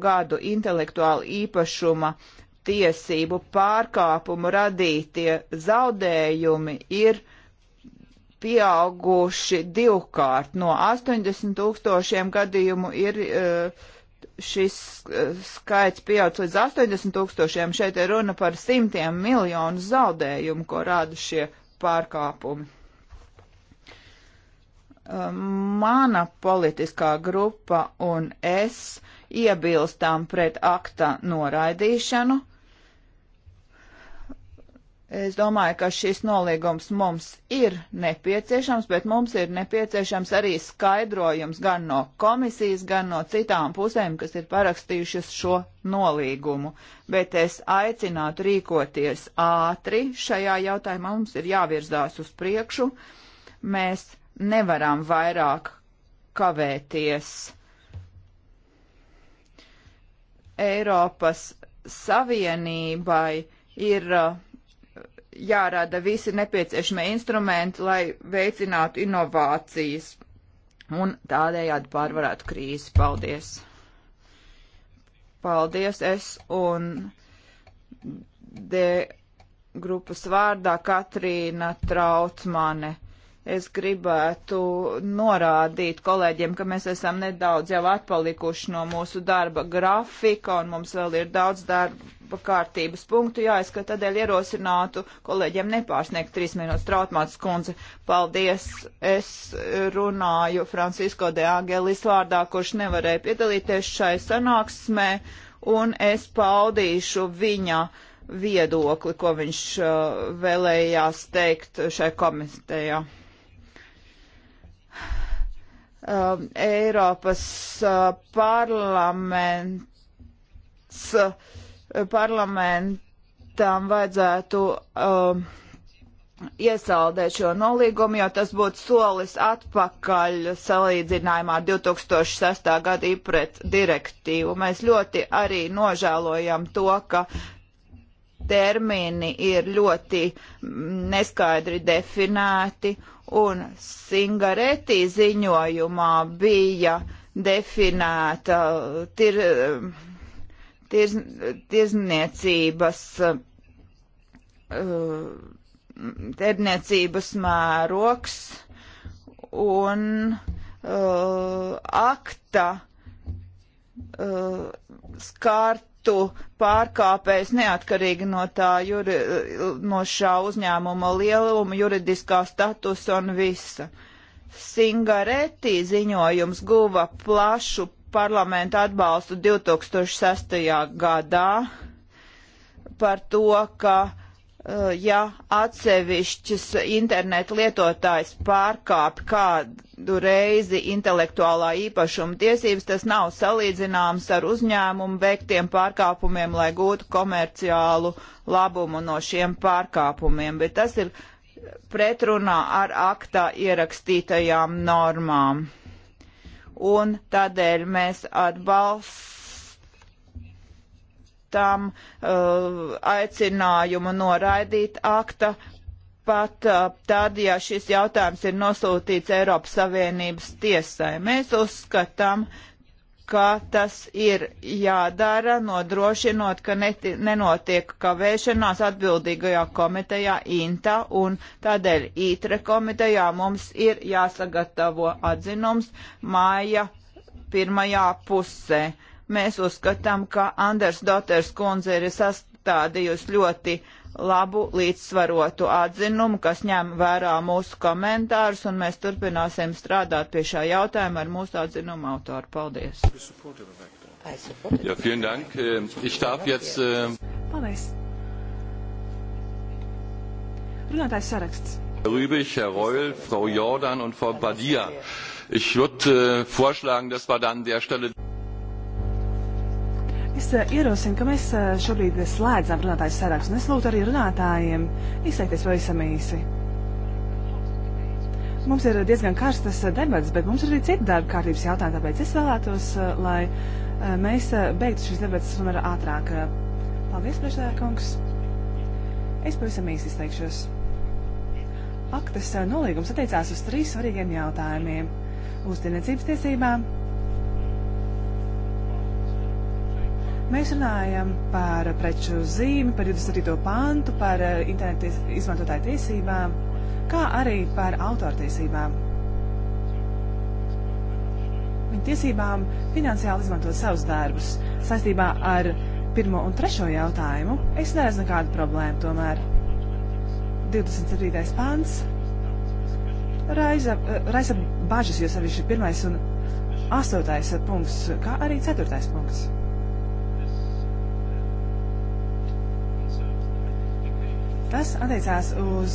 gadu intelektuāla īpašuma tiesību pārkāpumu radītie zaudējumi ir pieauguši divkārt. No 80 tūkstošiem gadījumu ir eh, šis eh, skaits pieaudzis līdz 80 tūkstošiem. Šeit ir runa par simtiem miljonu zaudējumu, ko rāda šie pārkāpumi. Eh, mana politiskā grupa un es iebilstām pret akta noraidīšanu Es domāju, ka šis nolīgums mums ir nepieciešams, bet mums ir nepieciešams arī skaidrojums gan no komisijas, gan no citām pusēm, kas ir parakstījušas šo nolīgumu. Bet es aicinātu rīkoties ātri šajā jautājumā, mums ir jāvirzās uz priekšu. Mēs nevaram vairāk kavēties. Eiropas Savienībai ir uh, jārada visi nepieciešamie instrumenti, lai veicinātu inovācijas un tādējādi pārvarētu krīzi. Paldies! Paldies! Es un D grupas vārdā Katrīna Trautmane. Es gribētu norādīt kolēģiem, ka mēs esam nedaudz jau atpalikuši no mūsu darba grafika un mums vēl ir daudz darba kārtības punktu jāizskat, tādēļ ierosinātu kolēģiem nepārsniegt trīs minūtes trautmātas kundze. Paldies, es runāju Francisko de Angelis vārdā, kurš nevarēja piedalīties šai sanāksmē un es paudīšu viņa viedokli, ko viņš uh, vēlējās teikt šai komitejā um, Eiropas uh, parlaments, uh, parlamentam vajadzētu um, iesaldēt šo nolīgumu, jo tas būtu solis atpakaļ salīdzinājumā ar 2006. gada IPRET direktīvu. Mēs ļoti arī nožēlojam to, ka termini ir ļoti mm, neskaidri definēti, un Singaretī ziņojumā bija definēta tir, tir, tirzniecības eh, tirzniecības mērogs un uh, akta uh, eh, skārt aktu pārkāpējs neatkarīgi no tā, juri, no šā uzņēmuma lieluma, juridiskā statusa un visa. Singaretti ziņojums guva plašu parlamentu atbalstu 2006. gadā par to, ka Uh, ja atsevišķis internetu lietotājs pārkāp kādu reizi intelektuālā īpašuma tiesības, tas nav salīdzināms ar uzņēmumu veiktiem pārkāpumiem, lai gūtu komerciālu labumu no šiem pārkāpumiem, bet tas ir pretrunā ar aktā ierakstītajām normām. Un tādēļ mēs atbalstam tam uh, aicinājumu noraidīt akta pat uh, tad, ja šis jautājums ir nosūtīts Eiropas Savienības tiesai. Mēs uzskatām, ka tas ir jādara, nodrošinot, ka neti, nenotiek kavēšanās atbildīgajā komitejā INTA, un tādēļ ITRE komitejā mums ir jāsagatavo atzinums māja pirmajā pusē. Uh, Mēs uzskatām, ka Anders Doters kundze ir sastādījusi ļoti labu līdzsvarotu atzinumu, kas ņem vērā mūsu komentārus, un mēs turpināsim strādāt pie šā jautājuma ar mūsu atzinumu autoru. Paldies! Ja, vielen Dank. Ähm, ich darf jetzt. Äh... Paldies. Runātājs saraksts. Herr Rübig, Herr Reul, Frau Jordan und Frau Badia. Ich würde äh, vorschlagen, dass wir dann an der Stelle. Es eh, ierosinu, ka mēs eh, šobrīd slēdzam runātāju sarakstu, un es lūgtu arī runātājiem izteikties pavisam īsi. Mums ir diezgan karstas eh, debats, bet mums ir arī citi darba kārtības jautājumi, tāpēc es vēlētos, lai mēs beigtu šīs debatas tomēr ātrāk. Paldies, priekšsēdētājkungs. Es pavisam īsi izteikšos. Aktas nolīgums attiecās uz trīs svarīgiem jautājumiem - uz tirniecības tiesībām Mēs runājam par preču zīmi, par 27. pantu, par eh, internetu izmantotāju tiesībām, kā arī par autortiesībām. Viņa tiesībām finansiāli izmantot savus darbus. Saistībā ar pirmo un trešo jautājumu es neredzu nekādu problēmu tomēr. 27. pants raisa, eh, raisa bažas, jo sevišķi pirmais un astotais punkts, kā arī ceturtais punkts. Tas attiecās uz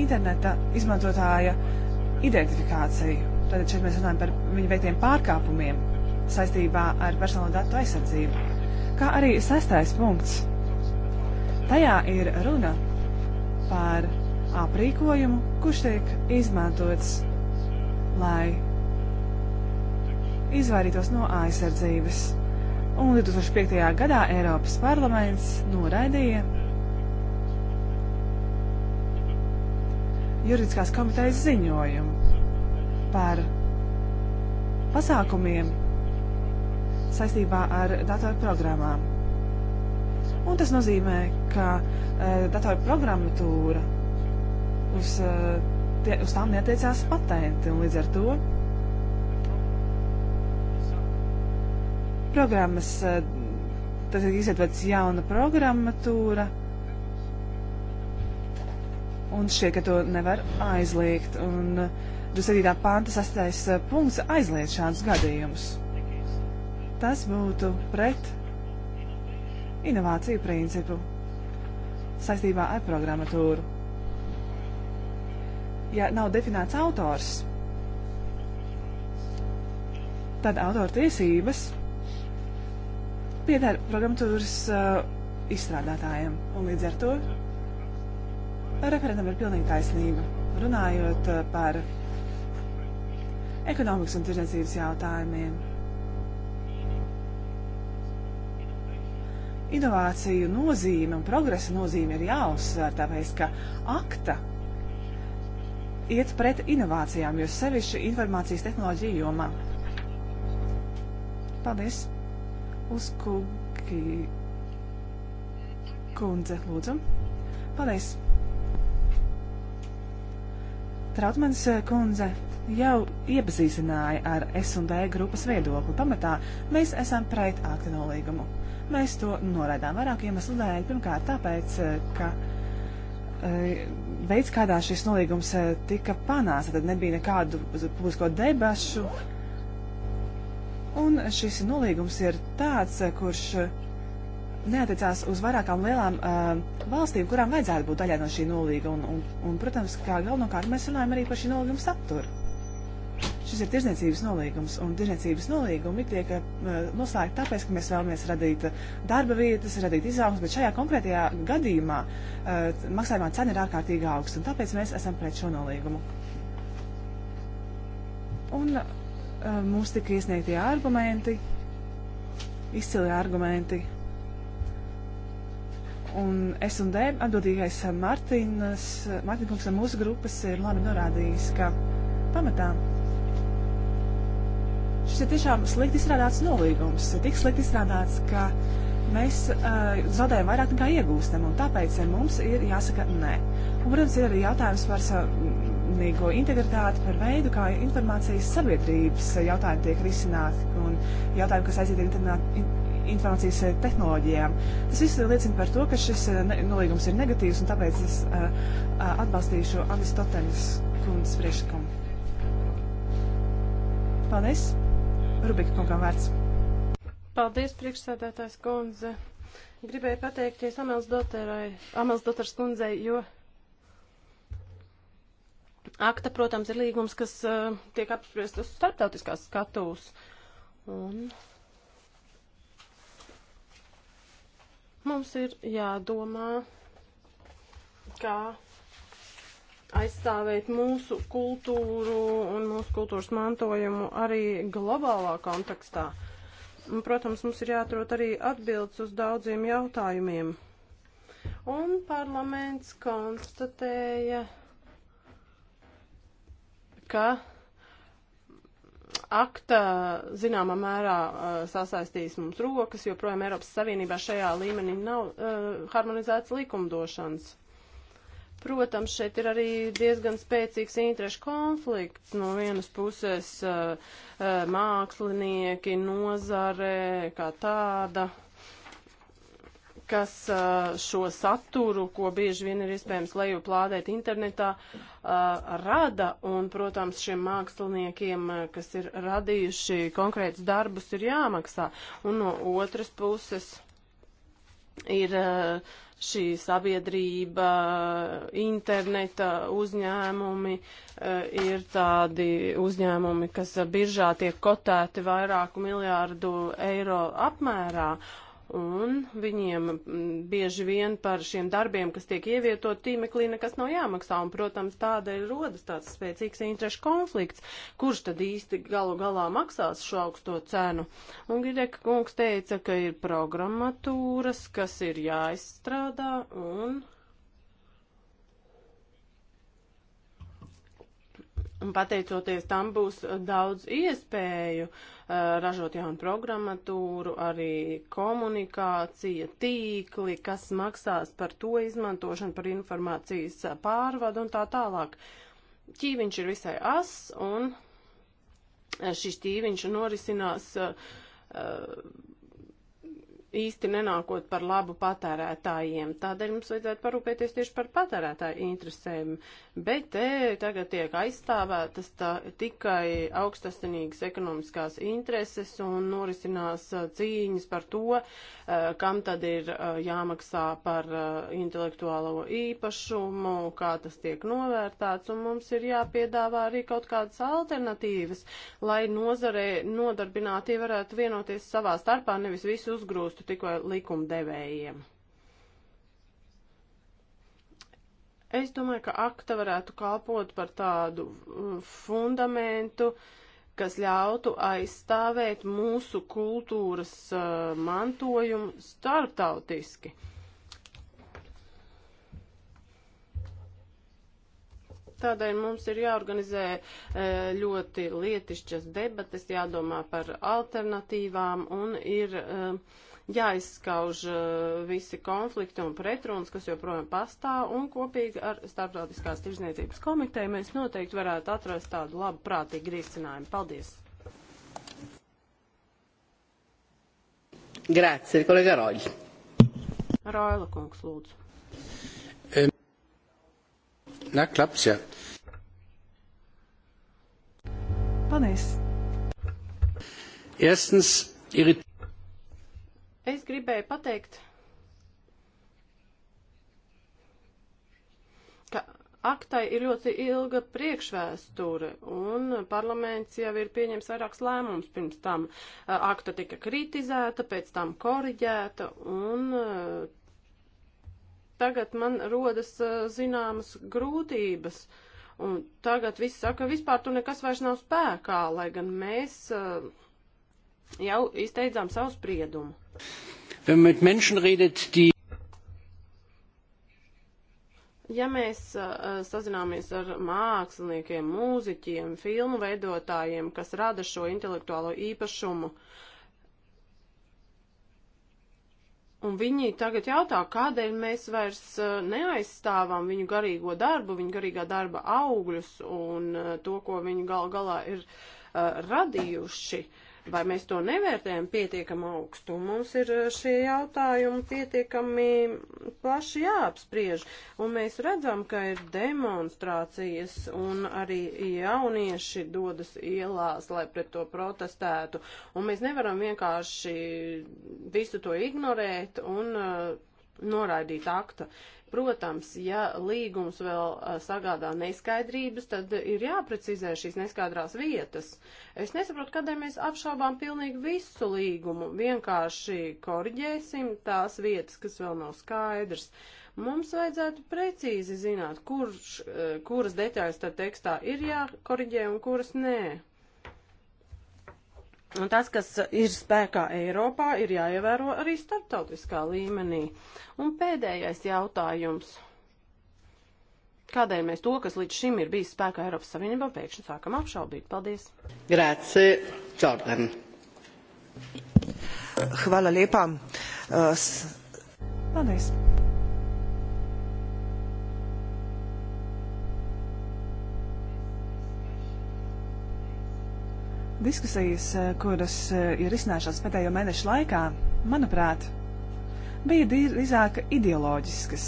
interneta izmantotāja identifikāciju. Tātad šeit mēs runājam par viņu veiktiem pārkāpumiem saistībā ar personālo datu aizsardzību. Kā arī sestais punkts. Tajā ir runa par aprīkojumu, kurš tiek izmantots, lai izvairītos no aizsardzības. Un 2005. gadā Eiropas parlaments noraidīja juridiskās komitejas ziņojumu par pasākumiem saistībā ar datorprogrammām. Un tas nozīmē, ka uh, datorprogrammatūra uz, uh, tie, uz tām netiecās patenti un līdz ar to programmas, uh, eh, tad ir izvietots jauna programmatūra, un šķiet, ka to nevar aizliegt. Un 27. Eh, panta 6. Eh, punkts aizliedz šādus gadījumus. Tas būtu pret inovāciju principu saistībā ar programmatūru. Ja nav definēts autors, tad autora tiesības pieder programmatūras uh, izstrādātājiem. Un līdz ar to Referentam ir pilnīgi taisnība. Runājot eh, par ekonomikas un tirdzniecības jautājumiem. Inovāciju nozīme un progresa nozīme ir jāuzsver, tāpēc ka akta iet pret inovācijām, jo sevišķi informācijas tehnoloģiju jomā. Paldies! Uzkugi kundze, lūdzu. Paldies! Trautmanis eh, kundze jau iepazīstināja ar S&D grupas viedokli. Pamatā mēs esam pret akta nolīgumu. Mēs to noraidām vairāk iemeslu dēļ. Pirmkārt, tāpēc, eh, ka eh, veids, kādā šis nolīgums tika panāca, tad nebija nekādu publisko debašu. Un šis nolīgums ir tāds, kurš neatiecās uz vairākām lielām uh, valstīm, kurām vajadzētu būt daļai no šī nolīga. Un, un, un, protams, kā galvenokārt mēs runājam arī par šī nolīguma saturu. Šis ir tirzniecības nolīgums, un tirzniecības nolīgumi tiek uh, noslēgti tāpēc, ka mēs vēlamies radīt eh, darba vietas, radīt izaugsmus, bet šajā konkrētajā gadījumā uh, maksājumā cena ir ārkārtīgi augsta, un tāpēc mēs esam pret šo nolīgumu. Un uh, mums tika iesniegtie argumenti, izcili argumenti, Un es un dēļ atbildīgais Mārtiņš, Mārtiņkungs no mūsu grupas ir labi norādījis, ka pamatā šis ir tiešām slikti izstrādāts nolīgums. Tik slikti izstrādāts, ka mēs uh, zaudējam vairāk nekā iegūstam, un tāpēc mums ir jāsaka nē. Un, protams, ir arī jautājums par savienīgo integritāti, par veidu, kā informācijas sabiedrības jautājumi tiek risināti, un jautājumi, kas aiziet internāti informācijas eh, tehnoloģijām. Tas viss liecina par to, ka šis eh, nolīgums ir negatīvs, un tāpēc es eh, atbalstīšu Aristoteles kundzes priekšlikumu. Paldies! Rubika kungam vērts. Paldies, priekšsēdētājs kundze. Gribēju pateikties Amels Dotars kundzei, jo akta, protams, ir līgums, kas uh, tiek apspriest uz starptautiskās skatūs. Un Mums ir jādomā, kā aizstāvēt mūsu kultūru un mūsu kultūras mantojumu arī globālā kontekstā. Un, protams, mums ir jāatrod arī atbildes uz daudziem jautājumiem. Un parlaments konstatēja, ka akta zināmā mērā uh, sasaistīs mums rokas, jo projām Eiropas Savienībā šajā līmenī nav uh, harmonizēts likumdošanas. Protams, šeit ir arī diezgan spēcīgs interešu konflikts. No vienas puses uh, uh mākslinieki, nozare kā tāda. Uh, kas šo saturu, ko bieži vien ir iespējams lejuplādēt internetā, rada. Un, protams, šiem māksliniekiem, kas ir radījuši konkrētus darbus, ir jāmaksā. Un no otras puses ir šī sabiedrība, interneta uzņēmumi, ir tādi uzņēmumi, kas biržā tiek kotēti vairāku miljārdu eiro apmērā, un viņiem mm, bieži vien par šiem darbiem, kas tiek ievietot tīmeklī, nekas nav jāmaksā, un, protams, tādēļ rodas tāds spēcīgs interešu konflikts, kurš tad īsti galu galā maksās šo augsto cenu. Un Gireka kungs teica, ka ir programmatūras, kas ir jāizstrādā, un Pateicoties tam būs daudz iespēju uh, ražot jaunu programmatūru, arī komunikācija, tīkli, kas maksās par to izmantošanu, par informācijas uh, pārvadu un tā tālāk. Ķīviņš ir visai as un uh, šis ķīviņš norisinās uh, uh, īsti nenākot par labu patērētājiem. Tādēļ mums vajadzētu parūpēties tieši par patērētāju interesēm. Bet te tagad tiek aizstāvētas tā, tikai augstasinīgas ekonomiskās intereses un norisinās cīņas par to, kam tad ir jāmaksā par intelektuālo īpašumu, kā tas tiek novērtāts, un mums ir jāpiedāvā arī kaut kādas alternatīvas, lai nozarē nodarbinātie varētu vienoties savā starpā, nevis visu uzgrūstu tikai likumdevējiem. Es domāju, ka akta varētu kalpot par tādu uh, fundamentu, kas ļautu aizstāvēt mūsu kultūras uh, mantojumu starptautiski. Tādēļ mums ir jāorganizē uh, ļoti lietišķas debates, jādomā par alternatīvām un ir uh, jāizskauž eh, visi konflikti un pretrunas, kas joprojām pastāv, un kopīgi ar Starptautiskās tirzniecības komiteju mēs noteikti varētu atrast tādu labu prātīgu risinājumu. Paldies! Grazie, kolega Roļi. Roila kungs, lūdzu. Na, klaps, jā. Paldies. Erstens, irrit Es gribēju pateikt, ka aktai ir ļoti ilga priekšvēsture, un parlaments jau ir pieņems vairākas lēmumus pirms tam. Akta tika kritizēta, pēc tam koriģēta, un tagad man rodas zināmas grūtības. Un tagad viss saka, vispār tu nekas vairs nav spēkā, lai gan mēs uh, jau izteicām savu spriedumu. Ja mēs uh, sazināmies ar māksliniekiem, mūziķiem, filmu veidotājiem, kas rada šo intelektuālo īpašumu, un viņi tagad jautā, kādēļ mēs vairs uh, neaizstāvām viņu garīgo darbu, viņu garīgā darba augļus un uh, to, ko viņi gal galā ir uh, radījuši. Uh, Vai mēs to nevērtējam pietiekam augstu? Mums ir eh, šie jautājumi pietiekami plaši jāapspriež, un mēs redzam, ka ir demonstrācijas, un arī jaunieši dodas ielās, lai pret to protestētu, un mēs nevaram vienkārši visu to ignorēt un uh, noraidīt akta. Protams, ja līgums vēl eh, sagādā neskaidrības, tad ir jāprecizē šīs neskaidrās vietas. Es nesaprotu, kādēļ mēs apšaubām pilnīgi visu līgumu. Vienkārši korģēsim tās vietas, kas vēl nav skaidrs. Mums vajadzētu precīzi zināt, kurš, eh, kuras detaļas tad tekstā ir jākoriģē un kuras nē. Un tas, kas ir spēkā Eiropā, ir jāievēro arī starptautiskā līmenī. Un pēdējais jautājums. Kādēļ mēs to, kas līdz šim ir bijis spēkā Eiropas Savienībā, pēkšņi sākam apšaubīt? Paldies! Grāci, Jordan! Hvala lepa! Uh, Paldies! Diskusijas, eh, kuras eh, ir izcinājušās pēdējo mēnešu laikā, manuprāt, bija drīzāk ideoloģiskas.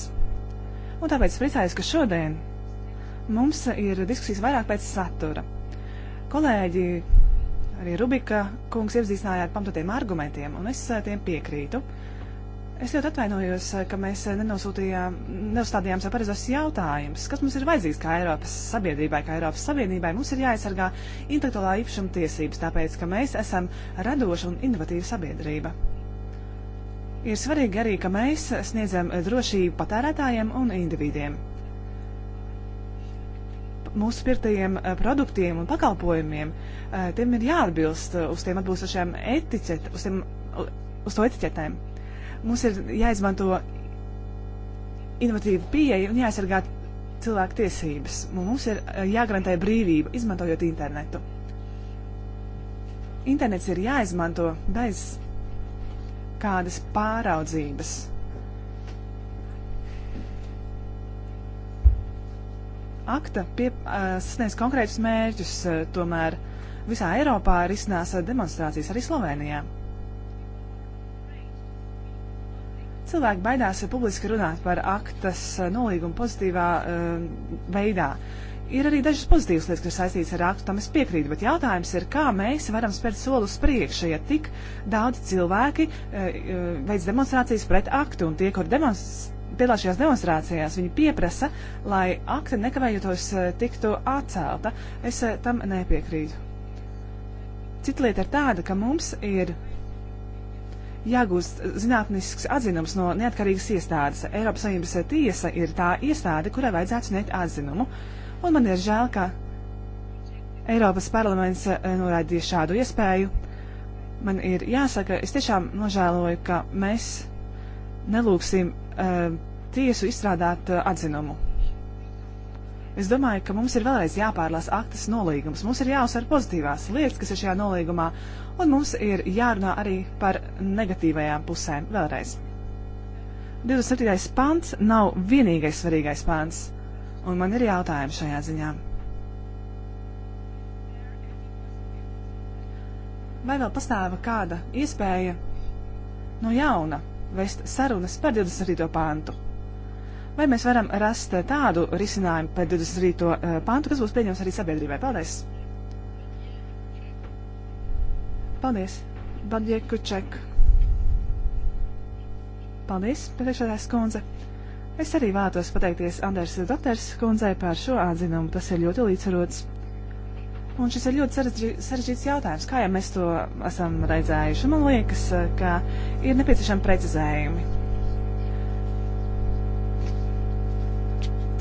Un tāpēc priecājos, ka šodien mums ir diskusijas vairāk pēc satura. Kolēģi, arī Rubika kungs iepazīstināja ar pamatotiem argumentiem, un es eh, tiem piekrītu. Uh, Es ļoti atvainojos, eh, ka mēs eh, nenosūtījām, neuzstādījām sev pareizos jautājumus, kas mums ir vajadzīgs kā Eiropas sabiedrībai, kā Eiropas Savienībai. Mums ir jāaizsargā intelektuālā īpašuma tiesības, tāpēc, ka mēs esam radoša un inovatīva sabiedrība. Ir svarīgi arī, ka mēs sniedzam eh, drošību patērētājiem un individiem. Mūsu pirktajiem produktiem un pakalpojumiem tiem ir jāatbilst uz tiem atbilstošiem etiķetēm, uz, tiem, uz to etiķetēm Mums ir jāizmanto inovatīva pieeja un jāaizsargā cilvēku tiesības. Mums ir eh, jāgarantē brīvība, izmantojot internetu. Internets ir jāizmanto bez kādas pāraudzības. Akta pie, eh, sasniedz konkrētus mērķus, eh, tomēr visā Eiropā ir iznāca demonstrācijas arī Slovenijā. cilvēki baidās publiski runāt par aktas eh, nolīgumu pozitīvā eh, veidā. Ir arī dažas pozitīvas lietas, kas saistītas ar aktu, tam es piekrītu, bet jautājums ir, kā mēs varam spērt soli uz priekšu, ja tik daudz cilvēki eh, veids demonstrācijas pret aktu un tie, kur demonstrācijas piedalās šajās demonstrācijās, viņi pieprasa, lai akta nekavējoties tiktu atcelta. Es tam nepiekrītu. Cita lieta ir tāda, ka mums ir jāgūst zinātnisks atzinums no neatkarīgas iestādes. Eiropas Savienības tiesa ir tā iestāde, kurai vajadzētu sniegt atzinumu. Un man ir žēl, ka Eiropas parlaments eh, noraidīja šādu iespēju. Man ir jāsaka, es tiešām nožēloju, ka mēs nelūksim uh, eh, tiesu izstrādāt uh, atzinumu. Es domāju, ka mums ir vēlreiz jāpārlasa aktas nolīgums. Mums ir jāuzsver pozitīvās lietas, kas ir šajā nolīgumā, un mums ir jārunā arī par negatīvajām pusēm vēlreiz. 27. pants nav vienīgais svarīgais pants, un man ir jautājumi šajā ziņā. Vai vēl pastāva kāda iespēja no jauna vest sarunas par 27. pantu? Vai mēs varam rast tādu risinājumu pēc 23. Eh, pantu, kas būs pieņems arī sabiedrībai? Paldies! Paldies! Badieku ček! Paldies, priekšādās kundze! Es arī vēlētos pateikties Andrēs Doters kundzei par šo atzinumu. Tas ir ļoti līdzsvarots. Un šis ir ļoti sarežģīts jautājums, kā jau mēs to esam redzējuši. Man liekas, ka ir nepieciešami precizējumi.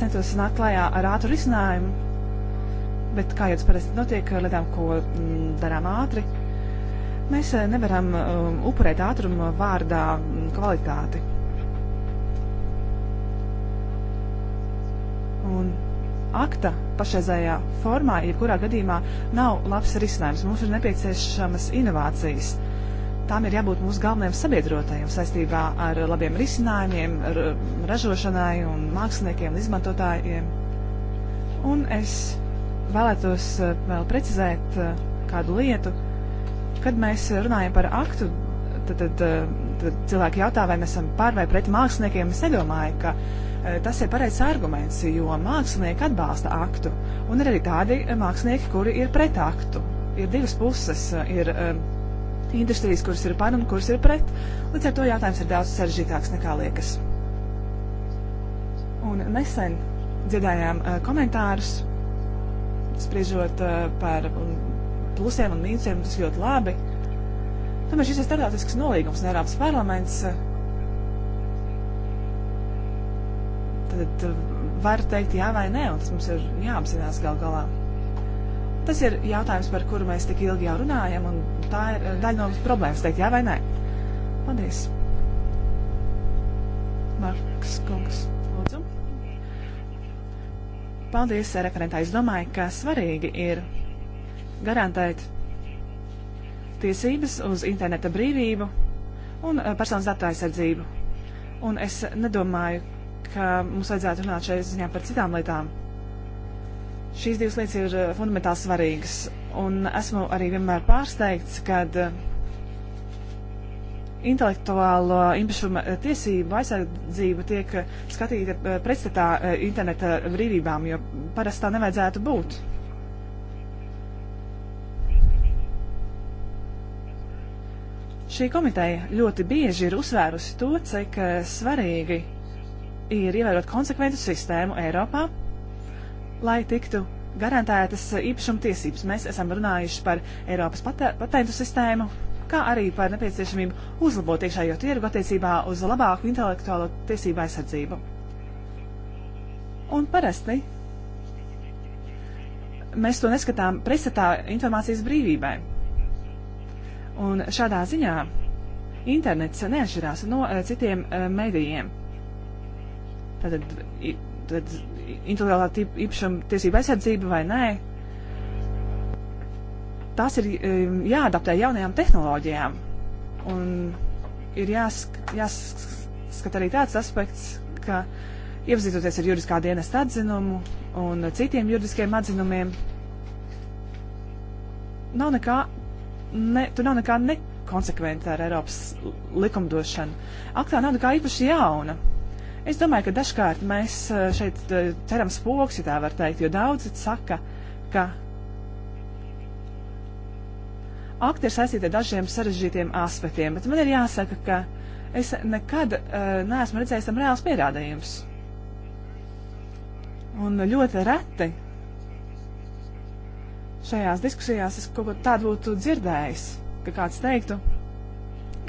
centos nākt klajā ar ātru risinājumu, bet kā jau tas parasti notiek ar lietām, ko m, mm, darām ātri, mēs eh, nevaram um, upurēt ātrumu vārdā mm, kvalitāti. Un akta pašreizējā formā, jebkurā gadījumā, nav labs risinājums. Mums ir nepieciešamas inovācijas. Uh, tām ir jābūt mūsu galvenajām sabiedrotājiem saistībā ar labiem risinājumiem, ar um, ražošanai un māksliniekiem un izmantotājiem. Un es vēlētos uh, vēl precizēt uh, kādu lietu. Kad mēs runājam par aktu, tad, tad, uh, tad cilvēki jautā, vai mēs esam par vai pret māksliniekiem. Es nedomāju, ka tas ir pareizs arguments, jo mākslinieki atbalsta aktu. Un ir arī tādi mākslinieki, kuri ir pret aktu. Ir divas puses. Ir, um, industrijas, kuras ir par un kuras ir pret. Līdz ar to jautājums ir daudz sarežģītāks nekā liekas. Un nesen dzirdējām uh, komentārus, spriežot uh, par plusiem un mīnusiem, tas ļoti labi. Tomēr šis ir starptautisks nolīgums un Eiropas parlaments. Uh, tad var teikt jā vai nē, un tas mums ir jāapzinās gal galā. Tas ir jautājums, par kuru mēs tik ilgi jau runājam, un tā ir eh, daļa no problēmas, teikt, jā vai nē. Paldies. Marks Kungs, lūdzu. Paldies, referentā. Es domāju, ka svarīgi ir garantēt tiesības uz interneta brīvību un eh, personas datu aizsardzību. Un es nedomāju, ka mums vajadzētu runāt šeit ziņā par citām lietām Šīs divas lietas ir eh, fundamentāli svarīgas, un esmu arī vienmēr pārsteigts, kad eh, intelektuālo īpašuma eh, tiesību aizsardzība tiek skatīta pretstatā interneta brīvībām, jo parasti tā nevajadzētu būt. Šī komiteja ļoti bieži ir uzsvērusi to, cik svarīgi ir ievērot konsekventu sistēmu Eiropā lai tiktu garantētas īpašuma tiesības. Mēs esam runājuši par Eiropas patentu sistēmu, kā arī par nepieciešamību uzlabot iekšējo tirgu attiecībā uz labāku intelektuālo tiesību aizsardzību. Un parasti mēs to neskatām pretstatā informācijas brīvībai. Un šādā ziņā internets neatšķirās no eh, citiem uh, medijiem. Tātad, tātad intelektuālā īpašuma tiesība aizsardzība vai nē. Tas ir um, jāadaptē jaunajām tehnoloģijām. Un ir jāsk, jāskata arī tāds aspekts, ka iepazīstoties ar juridiskā dienesta atzinumu un citiem juridiskiem atzinumiem, nav nekā, ne, tur nav nekā nekonsekventa ar Eiropas likumdošanu. Aktā nav nekā īpaši jauna. Es domāju, ka dažkārt mēs šeit ceram spoks, ja tā var teikt, jo daudzi saka, ka akti ir saistīti ar dažiem sarežģītiem aspektiem, bet man ir jāsaka, ka es nekad uh, neesmu redzējis tam reāls pierādījums. Un ļoti reti šajās diskusijās es kaut ko tādu būtu dzirdējis, ka kāds teiktu,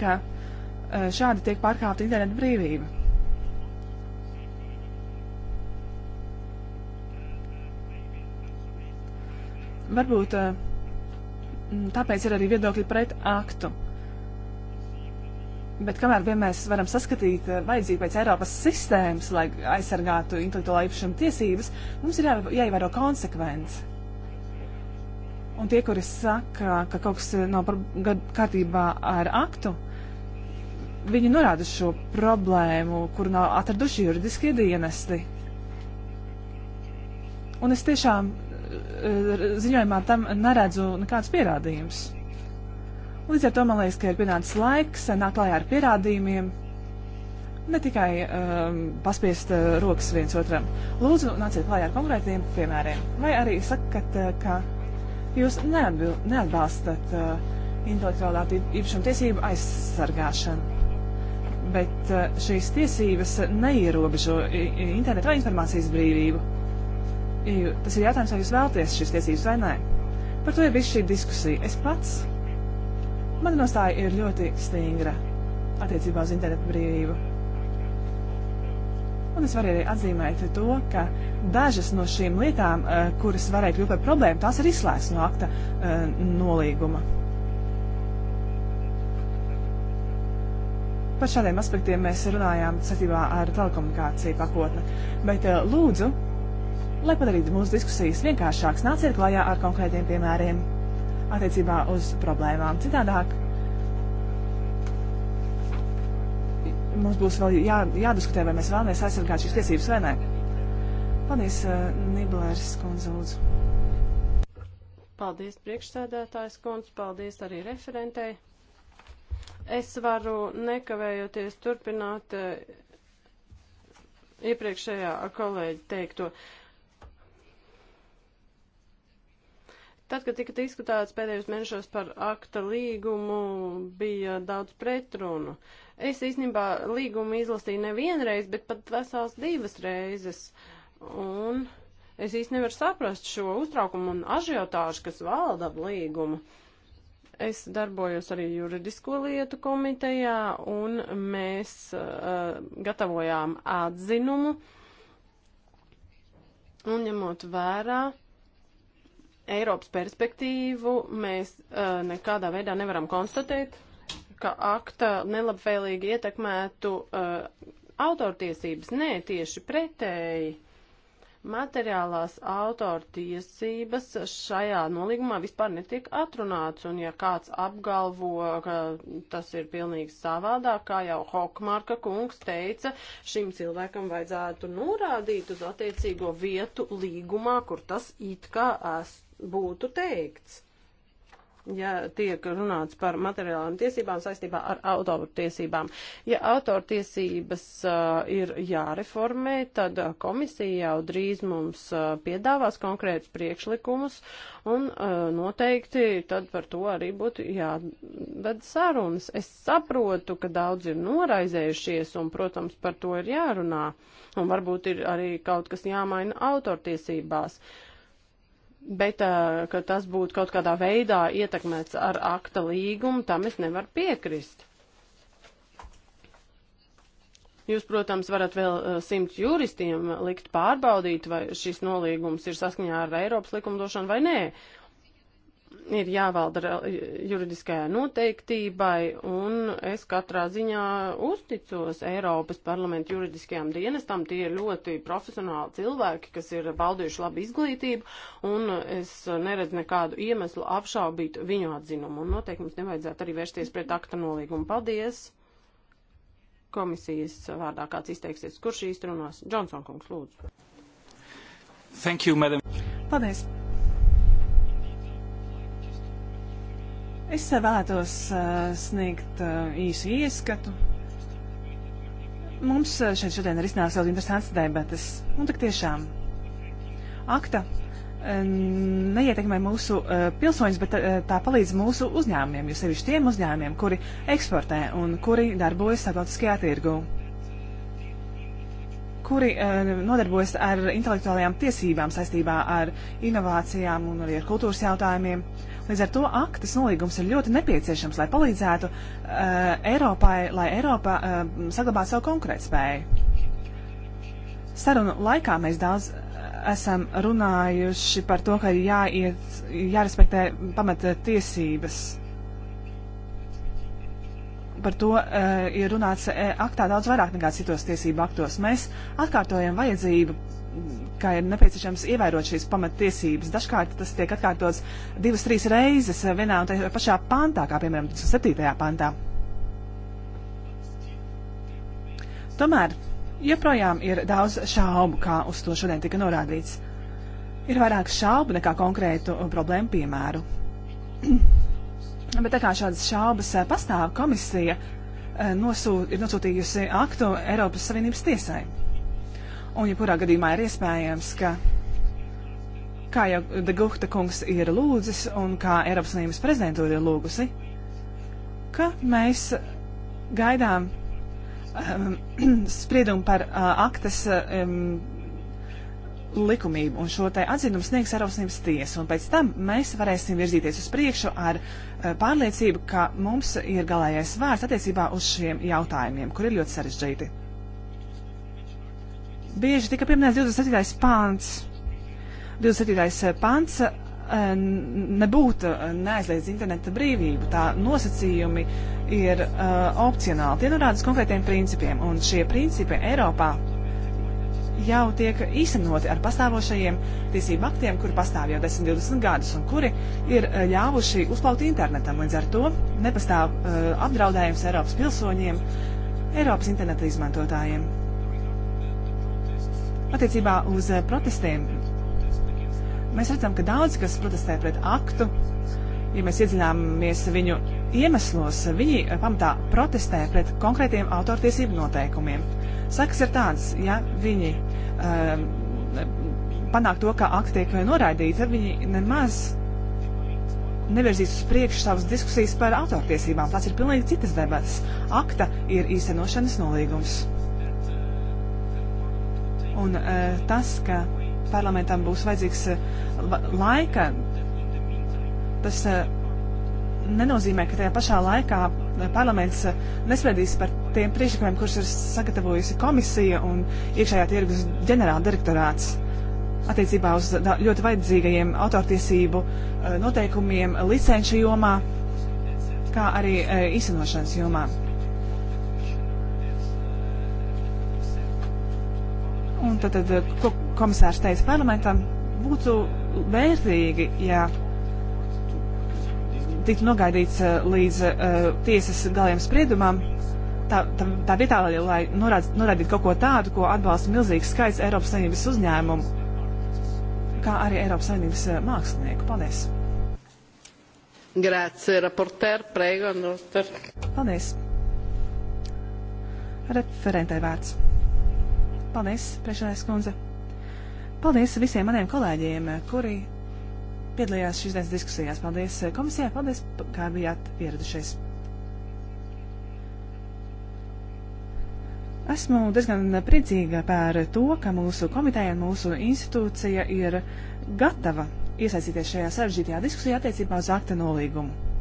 ka uh, šādi tiek pārkāpta interneta brīvība. Varbūt eh, tāpēc ir arī viedokļi pret aktu. Bet kamēr vien mēs varam saskatīt eh, vajadzību pēc Eiropas sistēmas, lai aizsargātu intelektuālā īpašuma tiesības, mums ir jā, jāievēro konsekvence. Un tie, kuri saka, ka kaut kas nav kārtībā ar aktu, viņi norāda šo problēmu, kur nav atraduši juridiskie dienesti. Un es tiešām Eh, ziņojumā tam neredzu nekādus pierādījumus. Līdz ar to man liekas, ka ir pienācis laiks nākt klājā ar pierādījumiem, ne tikai um, paspiest uh, rokas viens otram. Lūdzu, nāciet klājā ar konkrētiem piemēriem. Vai arī sakat, uh, ka jūs neatbil, neatbalstat uh, intelektuālā īpašuma tiesību aizsargāšanu. Bet uh, šīs tiesības neierobežo internetu vai informācijas brīvību Jo tas ir jautājums, vai jūs vēlaties šīs tiesības vai nē. Par to ir bijusi šī diskusija. Es pats, mana nostāja ir ļoti stingra attiecībā uz internetu brīvību. Un es varēju arī atzīmēt to, ka dažas no šīm lietām, eh, kuras varēja kļūt par problēmu, tās ir izslēgts no akta eh, nolīguma. Par šādiem aspektiem mēs runājām saistībā ar telekomunikāciju pakotni. Bet eh, lūdzu, Lai padarītu mūsu diskusijas vienkāršākas, nāciet klajā ar konkrētiem piemēriem attiecībā uz problēmām. Citādāk mums būs vēl jā, jādiskutē, vai mēs vēlamies aizsargāt šīs tiesības vai nē. Paldies, eh, Niblērs kundze, lūdzu. Paldies, priekšsēdētājs kundze, paldies arī referentei. Es varu nekavējoties turpināt eh, iepriekšējā kolēģi teikto. Uh, Tad, kad tika diskutēts pēdējos mēnešos par akta līgumu, bija daudz pretrunu. Es īstenībā līgumu izlasīju nevienreiz, bet pat vesels divas reizes. Un es īstenībā nevaru saprast šo uztraukumu un ažiotāžu, kas valda ap līgumu. Es darbojos arī juridisko lietu komitejā, un mēs uh, gatavojām atzinumu. Un ņemot vērā, uh, Eiropas perspektīvu mēs uh, nekādā veidā nevaram konstatēt, ka akta nelabvēlīgi ietekmētu uh, autortiesības. Nē, tieši pretēji. Materiālās autortiesības šajā nolīgumā vispār netiek atrunāts, un ja kāds apgalvo, ka tas ir pilnīgi savādāk, kā jau Hokmarka kungs teica, šim cilvēkam vajadzētu norādīt uz attiecīgo vietu līgumā, kur tas it kā esmu būtu teikts, ja tiek runāts par materiālām tiesībām saistībā ar autortiesībām. Ja autortiesības uh, ir jāreformē, tad uh, komisija jau drīz mums uh, piedāvās konkrētus priekšlikumus, un uh, noteikti tad par to arī būtu jāved sarunas. Es saprotu, ka daudz ir noraizējušies, un, protams, par to ir jārunā, un varbūt ir arī kaut kas jāmaina autortiesībās. Uh, bet ka tas būtu kaut kādā veidā ietekmēts ar akta līgumu, tam es nevaru piekrist. Jūs, protams, varat vēl simt juristiem likt pārbaudīt, vai šis nolīgums ir saskaņā ar Eiropas likumdošanu vai nē, ir jāvalda juridiskajai noteiktībai, un es katrā ziņā uzticos Eiropas parlamentu juridiskajām dienestam. Tie ir ļoti profesionāli cilvēki, kas ir baudījuši labu izglītību, un es neredzu nekādu iemeslu apšaubīt viņu atzinumu, un noteikti mums nevajadzētu arī vērsties pret akta nolīgumu. Paldies! Komisijas vārdā kāds izteiksies, kurš īsti runās? Johnson kungs, lūdzu. Thank you, madam. Paldies. Es vēlētos eh, sniegt eh, īsu ieskatu. Mums eh, šeit šodien ir iznācis ļoti interesants debatas. Un nu, tik tiešām akta neietekmē mūsu uh, pilsoņus, bet uh, tā palīdz mūsu uzņēmumiem, jo sevišķi tiem uzņēmumiem, kuri eksportē un kuri darbojas starptautiskajā tirgu, kuri uh, nodarbojas ar intelektuālajām tiesībām saistībā ar inovācijām un arī ar kultūras jautājumiem. Uh, Līdz ar to aktas nolīgums ir ļoti nepieciešams, lai palīdzētu uh, Eiropai, lai Eiropa uh, saglabātu savu konkurētspēju. Sarunu laikā mēs daudz eh, esam runājuši par to, ka jāiet, jārespektē pamata tiesības. Par to uh, ir runāts aktā daudz vairāk nekā citos tiesību aktos. Mēs atkārtojam vajadzību ka ir nepieciešams ievērot šīs pamatiesības. Dažkārt tas tiek atkārtots divas, trīs reizes vienā un tajā pašā pantā, kā piemēram 7. pantā. Tomēr joprojām ir daudz šaubu, kā uz to šodien tika norādīts. Ir vairāk šaubu nekā konkrētu problēmu piemēru. Bet tā kā šādas šaubas pastāv, komisija eh, nosū, ir nosūtījusi aktu Eiropas Savienības tiesai. Un, ja kurā gadījumā ir iespējams, ka, kā jau Degukta kungs ir lūdzis un kā Eiropas Savienības prezidentūra ir lūgusi, ka mēs gaidām um, spriedumu par uh, aktas um, likumību, un šo te atzinumu sniegs Eiropas Savienības tiesa, un pēc tam mēs varēsim virzīties uz priekšu ar uh, pārliecību, ka mums ir galējais vārds attiecībā uz šiem jautājumiem, kur ir ļoti sarežģīti. Bieži tika pieminēts 27. pāns. 27. pāns nebūtu eh, neaizliedz interneta brīvību. Tā nosacījumi ir uh, opcionāli. Tie norāda uz konkrētiem principiem, un šie principi Eiropā jau tiek īstenoti ar pastāvošajiem tiesību aktiem, kuri pastāv jau 10, 20 gadus un kuri ir eh, ļāvuši uzplaut internetam. Līdz ar to nepastāv uh, apdraudējums Eiropas pilsoņiem, Eiropas interneta izmantotājiem. Attiecībā uz eh, protestiem mēs redzam, ka daudz kas protestē pret aktu. Ja mēs iedziļināmies viņu iemeslos, viņi eh, pamatā protestē pret konkrētiem autortiesību noteikumiem. Sakas ir tādas, ja viņi um, panāk to, ka akti tiek noraidīti, tad viņi nemaz nevirzīs uz priekšu savas diskusijas par autortiesībām. Tās ir pilnīgi citas debatas. Akta ir īstenošanas nolīgums. Un eh, tas, ka parlamentam būs vajadzīgs eh, laika, tas eh, nenozīmē, ka tajā pašā laikā parlaments nespriedīs par tiem priekšlikumiem, kurus ir sagatavojusi komisija un iekšējā tirgus ģenerāla direktorāts attiecībā uz ļoti vajadzīgajiem autortiesību noteikumiem licenču jomā, kā arī īstenošanas jomā. Un tad, tad eh, ko komisārs teica parlamentam, būtu vērtīgi, ja tiktu nogaidīts eh, līdz uh, tiesas galiem spriedumam. Tā, tā, tā vietā, lai norādītu norādīt kaut ko tādu, ko atbalsta milzīgs skaits Eiropas Savienības uzņēmumu, kā arī Eiropas Savienības uh, mākslinieku. Paldies! Grazie, raporter, prego, noster. Paldies! Referentai vārds. Paldies, priekšsēdētājas kundze. Paldies visiem maniem kolēģiem, kuri piedalījās šīs dienas diskusijās. Paldies eh, komisijai, paldies, kā bijāt ieradušies. Esmu diezgan priecīga par to, ka mūsu komiteja un mūsu institūcija ir gatava iesaistīties šajā sarežģītajā diskusijā attiecībā uz akta nolīgumu.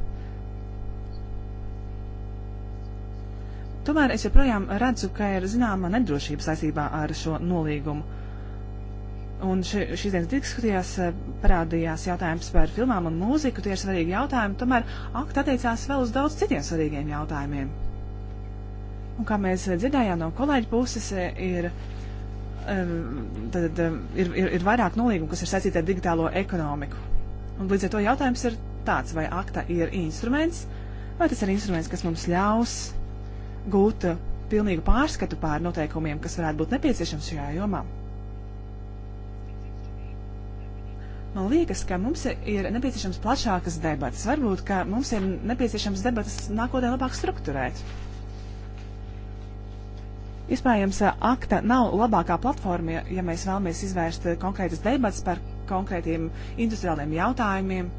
Tomēr es joprojām redzu, ka ir zināma nedrošība saistībā ar šo nolīgumu. Un ši, šīs dienas diskusijās eh, parādījās jautājums par filmām un mūziku, tie ir svarīgi jautājumi, tomēr akta attiecās vēl uz daudz citiem svarīgiem jautājumiem. Un kā mēs dzirdējām no kolēģa puses, eh, ir, eh, tad, ir, ir, ir vairāk nolīgumu, kas ir saistīti ar digitālo ekonomiku. Un līdz ar to jautājums ir tāds, vai akta ir instruments, vai tas ir instruments, kas mums ļaus gūt eh, pilnīgu pārskatu pār noteikumiem, kas varētu būt nepieciešams šajā jomā. Man liekas, ka mums ir nepieciešams plašākas debatas. Varbūt, ka mums ir nepieciešams debatas nākotnē labāk strukturēt. Iespējams, akta nav labākā platforma, ja mēs vēlamies izvērst konkrētas debatas par konkrētiem industriāliem jautājumiem.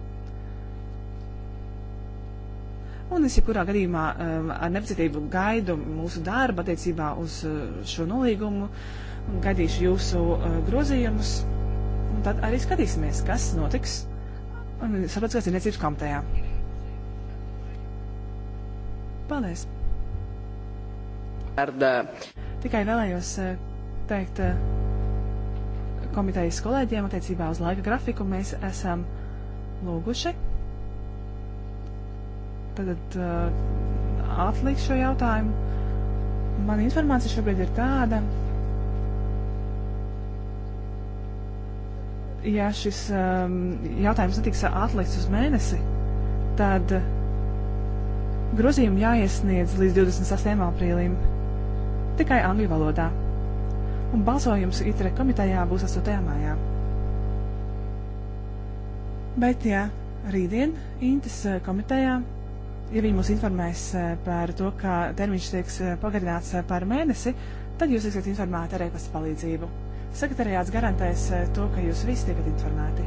Un es jebkurā gadījumā um, ar nepacietību gaidu mūsu darbu attiecībā uz uh, šo nolīgumu, gaidīšu jūsu uh, grozījumus, un tad arī skatīsimies, kas notiks. Un sapratu, kas ir necības komitejā. Paldies! Arda. Tikai vēlējos uh, teikt komitejas kolēģiem attiecībā uz laika grafiku. Mēs esam lūguši tagad uh, atlikt šo jautājumu. Man informācija šobrīd ir tāda, ja šis um, jautājums netiks atlikts uz mēnesi, tad grozījumi jāiesniedz līdz 28. aprīlim tikai angļu valodā, un balsojums ITRE komitejā būs 8. mājā. Bet jā, rītdien Intes uh, komitejā ja viņi mūs informēs eh, par to, ka termiņš tiek eh, pagarināts eh, par mēnesi, tad jūs tiksiet informēti ar e-pasta palīdzību. Sekretariāts garantēs to, ka jūs visi tiekat informēti.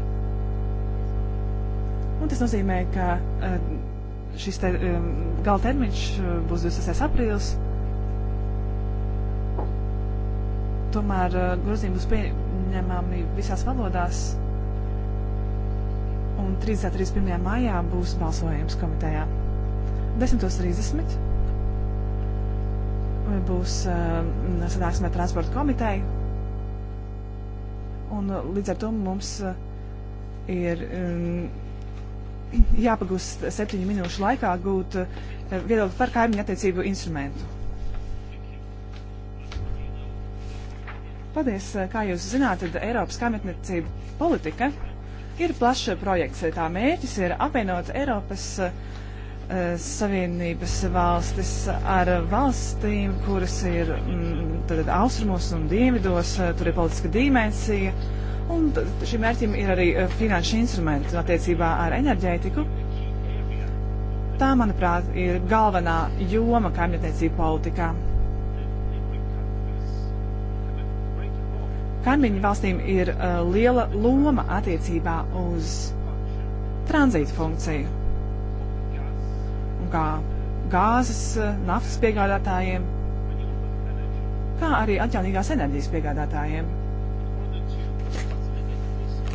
Un tas nozīmē, ka šis te, um, gala termiņš būs 26. aprīlis. Tomēr grozījumi būs pieņemami visās valodās. Un 3.31. maijā būs balsojums komitejā. 10.30 būs ehm, sanāksme transporta komiteja. Un eh, līdz ar to mums eh, ir ehm, jāpagūst septiņu minūšu laikā gūt eh, viedokli par kaimiņu attiecību instrumentu. Paldies, kā jūs zināt, tad Eiropas kaimiņattiecību politika ir plašs projekts. Tā mērķis ir apvienot Eiropas uh, Eh, Savienības valstis ar valstīm, kuras ir m, mm, tad, austrumos un dienvidos, eh, tur ir politiska dimensija. Un šim mērķim ir arī eh, finanšu instrumenti attiecībā ar enerģētiku. Tā, manuprāt, ir galvenā joma kaimiņtiecību politikā. Kaimiņu valstīm ir uh, liela loma attiecībā uz tranzītu funkciju kā gāzes, eh, naftas piegādātājiem, kā arī atjaunīgās enerģijas piegādātājiem.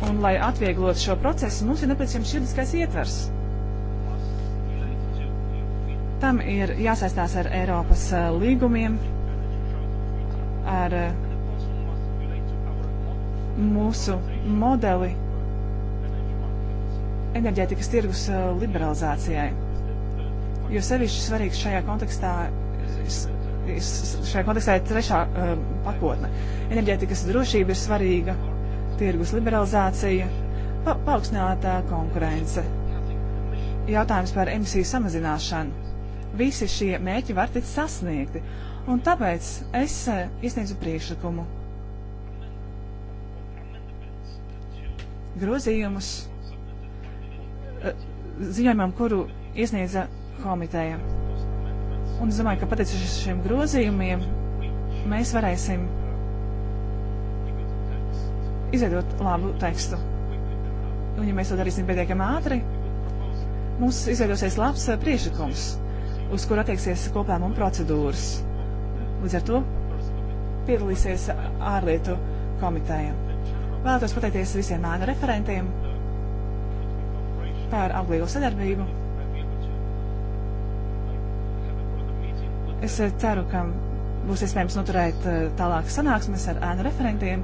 Un, lai atvieglotu šo procesu, mums ir nepieciešams juridiskais ietvers. Tam ir jāsaistās ar Eiropas eh, līgumiem, ar eh, mūsu modeli enerģētikas tirgus liberalizācijai jo sevišķi svarīgs šajā kontekstā šajā kontekstā ir trešā uh, pakotne. Enerģētikas drošība ir svarīga, tirgus liberalizācija, pa paaugstinātā konkurence, jautājums par emisiju samazināšanu. Visi šie mērķi var tikt sasniegti, un tāpēc es uh, iesniedzu priekšlikumu. Grozījumus uh, ziņojumam, kuru iesniedza komiteja. Un es domāju, ka pateicoties šiem grozījumiem, mēs varēsim izveidot labu tekstu. Un, ja mēs to darīsim pietiekami ātri, mums izveidosies labs priekšlikums, uz kuru attieksies koplēmuma procedūras. Līdz ar to piedalīsies ārlietu komiteja. Vēlētos pateikties visiem ēnu referentiem par auglīgo sadarbību Es eh, ceru, ka būs iespējams noturēt eh, tālāk sanāksmes ar ēnu referentiem,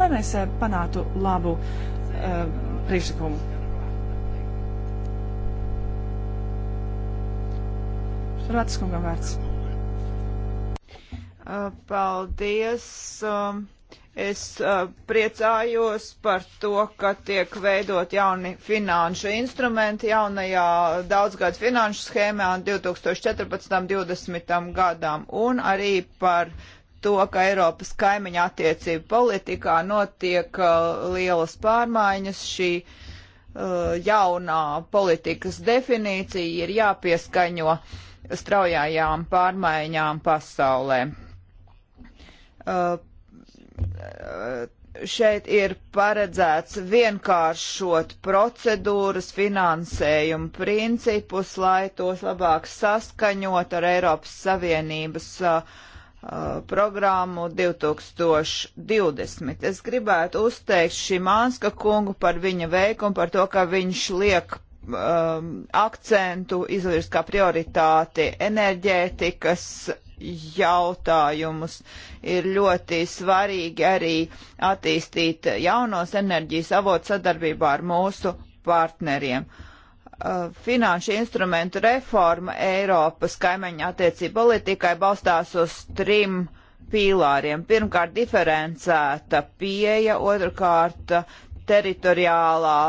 lai mēs eh, panātu labu uh, priekšlikumu. Ratas kungam vārds. Paldies. Um Es uh, priecājos par to, ka tiek veidot jauni finanšu instrumenti jaunajā daudzgadu finanšu schēmā 2014-2020 gadam un arī par to, ka Eiropas kaimiņa attiecību politikā notiek uh, lielas pārmaiņas. Šī uh, jaunā politikas definīcija ir jāpieskaņo straujājām pārmaiņām pasaulē. Uh, šeit ir paredzēts vienkāršot procedūras, finansējumu principus, lai tos labāk saskaņot ar Eiropas Savienības uh, programmu 2020. Es gribētu uzteikt Šimanska kungu par viņa veikumu, par to, ka viņš liek um, akcentu izvirst kā prioritāti enerģētikas jautājumus. Ir ļoti svarīgi arī attīstīt jaunos enerģijas avots sadarbībā ar mūsu partneriem. Uh, finanšu instrumentu reforma Eiropas kaimiņa attiecību politikai balstās uz trim pīlāriem. Pirmkārt, diferencēta pieeja, otrkārt, teritoriālā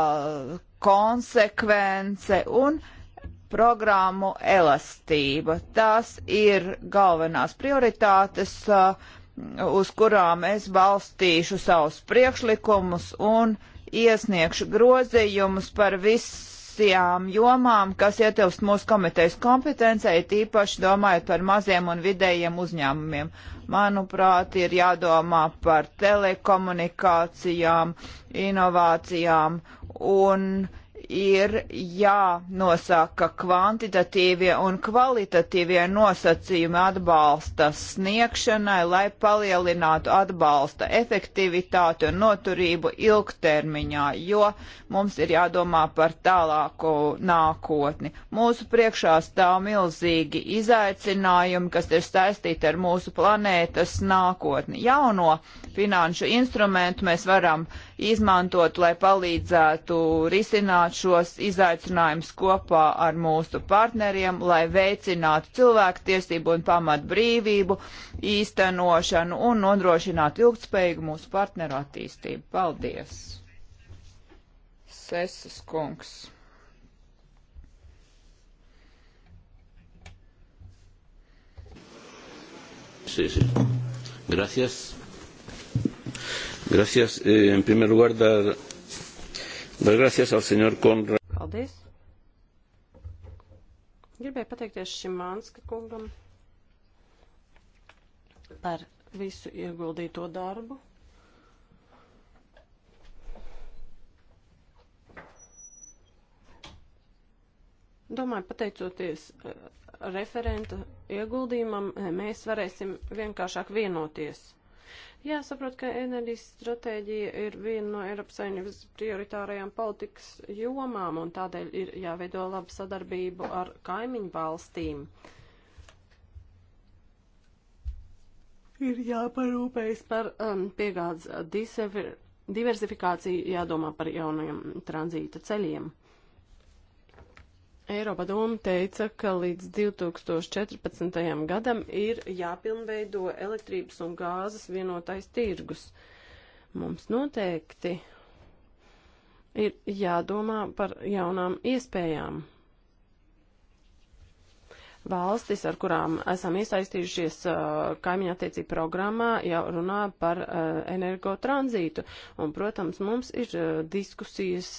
konsekvence un programmu elastība. Tās ir galvenās prioritātes, uh, uz kurām es balstīšu savus priekšlikumus un iesniegšu grozījumus par visu visām jomām, kas ietilpst mūsu komitejas kompetencē, tīpaši domājot par maziem un vidējiem uzņēmumiem. Manuprāt, ir jādomā par telekomunikācijām, inovācijām un ir jānosaka kvantitatīvie un kvalitatīvie nosacījumi atbalsta sniegšanai, lai palielinātu atbalsta efektivitāti un noturību ilgtermiņā, jo mums ir jādomā par tālāko nākotni. Mūsu priekšā stāv milzīgi izaicinājumi, kas ir saistīti ar mūsu planētas nākotni. Jauno finanšu instrumentu mēs varam izmantot, lai palīdzētu risināt šos izaicinājumus kopā ar mūsu partneriem, lai veicinātu cilvēktiesību un pamatbrīvību īstenošanu un nodrošinātu ilgtspējīgu mūsu partneru attīstību. Paldies! Sesas kungs. Sí, sí. Gracias. Gracias. Eh, en primer lugar, dar Gracias al señor Konrad. Paldies. Gribēju pateikties šim Mānska kungam par visu ieguldīto darbu. Domāju, pateicoties eh, referenta ieguldījumam, eh, mēs varēsim vienkāršāk vienoties. Jāsaprot, ka enerģijas stratēģija ir viena no Eiropas Savienības prioritārajām politikas jomām, un tādēļ ir jāveido laba sadarbība ar kaimiņu valstīm. Ir jāparūpējas par um, piegādes uh, diversifikāciju, jādomā par jaunajiem tranzīta ceļiem. Eiropa doma teica, ka līdz 2014. gadam ir jāpilnveido elektrības un gāzes vienotais tirgus. Mums noteikti ir jādomā par jaunām iespējām. Valstis, ar kurām esam iesaistījušies uh, kaimiņa attiecību programmā, jau runā par uh, energotranzītu. Un, protams, mums ir uh, diskusijas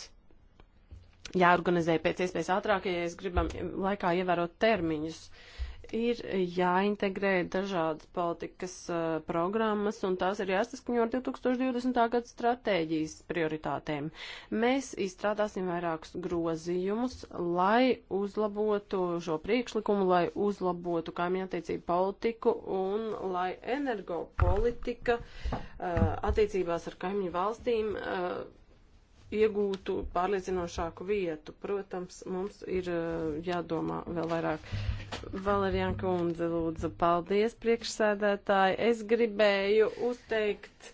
jāorganizē pēc iespējas ātrāk, ja mēs gribam laikā ievērot termiņus. Ir jāintegrē dažādas politikas uh, programmas, un tās ir jāsaskaņo ar 2020. gada stratēģijas prioritātēm. Mēs izstrādāsim vairākus grozījumus, lai uzlabotu šo priekšlikumu, lai uzlabotu kaimiņattiecību politiku un lai energopolitika uh, attiecībās ar kaimiņu valstīm. Uh, iegūtu pārliecinošāku vietu. Protams, mums ir eh, jādomā vēl vairāk. Valerijan Kundze, lūdzu, paldies priekšsēdētāji. Es gribēju uzteikt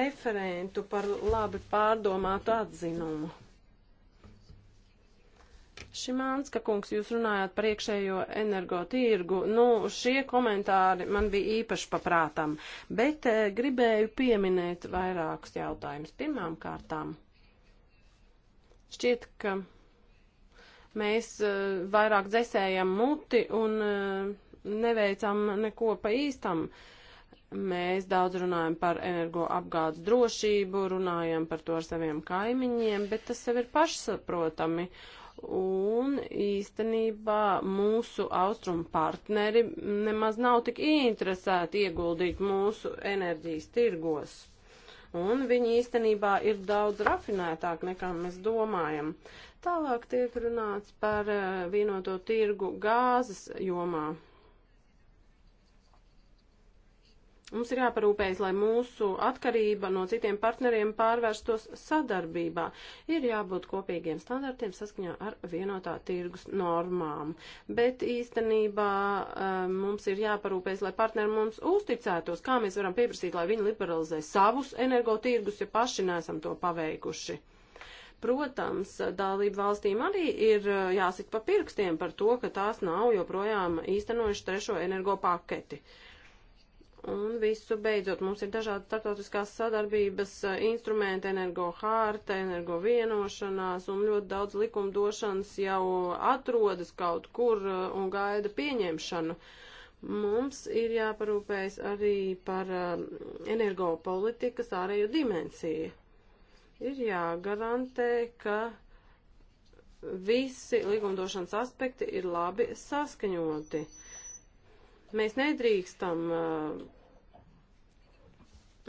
referentu par labi pārdomātu atzinumu. Šimānska kungs, jūs runājāt par iekšējo energotīrgu. Nu, šie komentāri man bija īpaši paprātam, bet eh, gribēju pieminēt vairākus jautājumus. Pirmām kārtām Šķiet, ka mēs uh, vairāk dzēsējam muti un uh, neveicam neko pa īstam. Mēs daudz runājam par energoapgādes drošību, runājam par to ar saviem kaimiņiem, bet tas jau ir pašsaprotami. Un īstenībā mūsu austrumu partneri nemaz nav tik ieinteresēti ieguldīt mūsu enerģijas tirgos un viņi īstenībā ir daudz rafinētāk nekā mēs domājam. Tālāk tiek runāts par eh, vienoto tirgu gāzes jomā. Mums ir jāparūpējas, lai mūsu atkarība no citiem partneriem pārvērstos sadarbībā. Ir jābūt kopīgiem standartiem saskaņā ar vienotā tirgus normām. Bet īstenībā eh, mums ir jāparūpējas, lai partneri mums uzticētos, kā mēs varam pieprasīt, lai viņi liberalizē savus energotirgus, ja paši nesam to paveikuši. Protams, dalību valstīm arī ir eh, jāsaka pa pirkstiem par to, ka tās nav joprojām īstenojuši trešo energo paketi. Uh, Un visu beidzot, mums ir dažādi starptautiskās sadarbības instrumenti, energo hārta, energo vienošanās un ļoti daudz likumdošanas jau atrodas kaut kur un gaida pieņemšanu. Mums ir jāparūpējas arī par energopolitikas ārējo dimensiju. Ir jāgarantē, ka visi likumdošanas aspekti ir labi saskaņoti mēs nedrīkstam uh,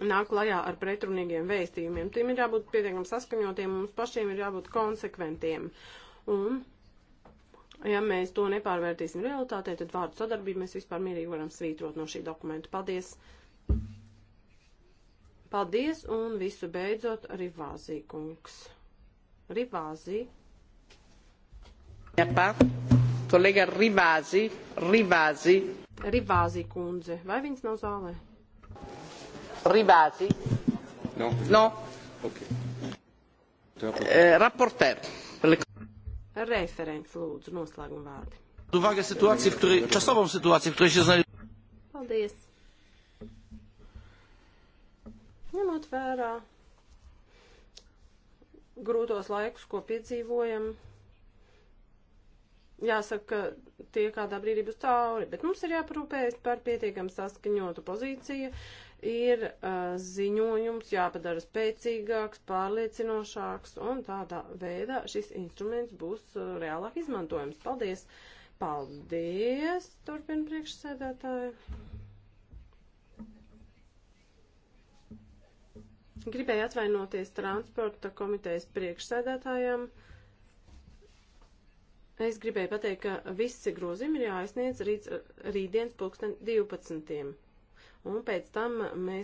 nāk klajā ar pretrunīgiem vēstījumiem. Tiem ir jābūt pietiekami saskaņotiem, mums pašiem ir jābūt konsekventiem. Un, ja mēs to nepārvērtīsim realitātē, tad vārdu sadarbību mēs vispār mierīgi varam svītrot no šī dokumenta. Paldies! Paldies, un visu beidzot Rivāzī kungs. Rivāzī. Jāpā, kolēga Rivāzī, Rivāzī. Rivāzī kundze, vai viņas nav zālē? Rivasi? No. no. Okay. Eh, Rapporter. Referents, lūdzu, noslēguma vārdi. Uwagę sytuację, w której, czasową sytuację, w której się znajdujemy. Paldies. Ņemot vērā grūtos laikus, ko piedzīvojam, jāsaka, ka tie kādā brīdī būs cauri, bet mums ir jāparūpējas par pietiekam saskaņotu pozīciju, ir uh, ziņojums jāpadara spēcīgāks, pārliecinošāks, un tādā veidā šis instruments būs uh, reālāk izmantojams. Paldies! Paldies! Turpina priekšsēdētāji. Gribēju atvainoties transporta komitejas priekšsēdētājiem. Es gribēju pateikt, ka visi grozījumi ir jāiesniedz rīt, rītdienas pulksten 12 un pēc tam mēs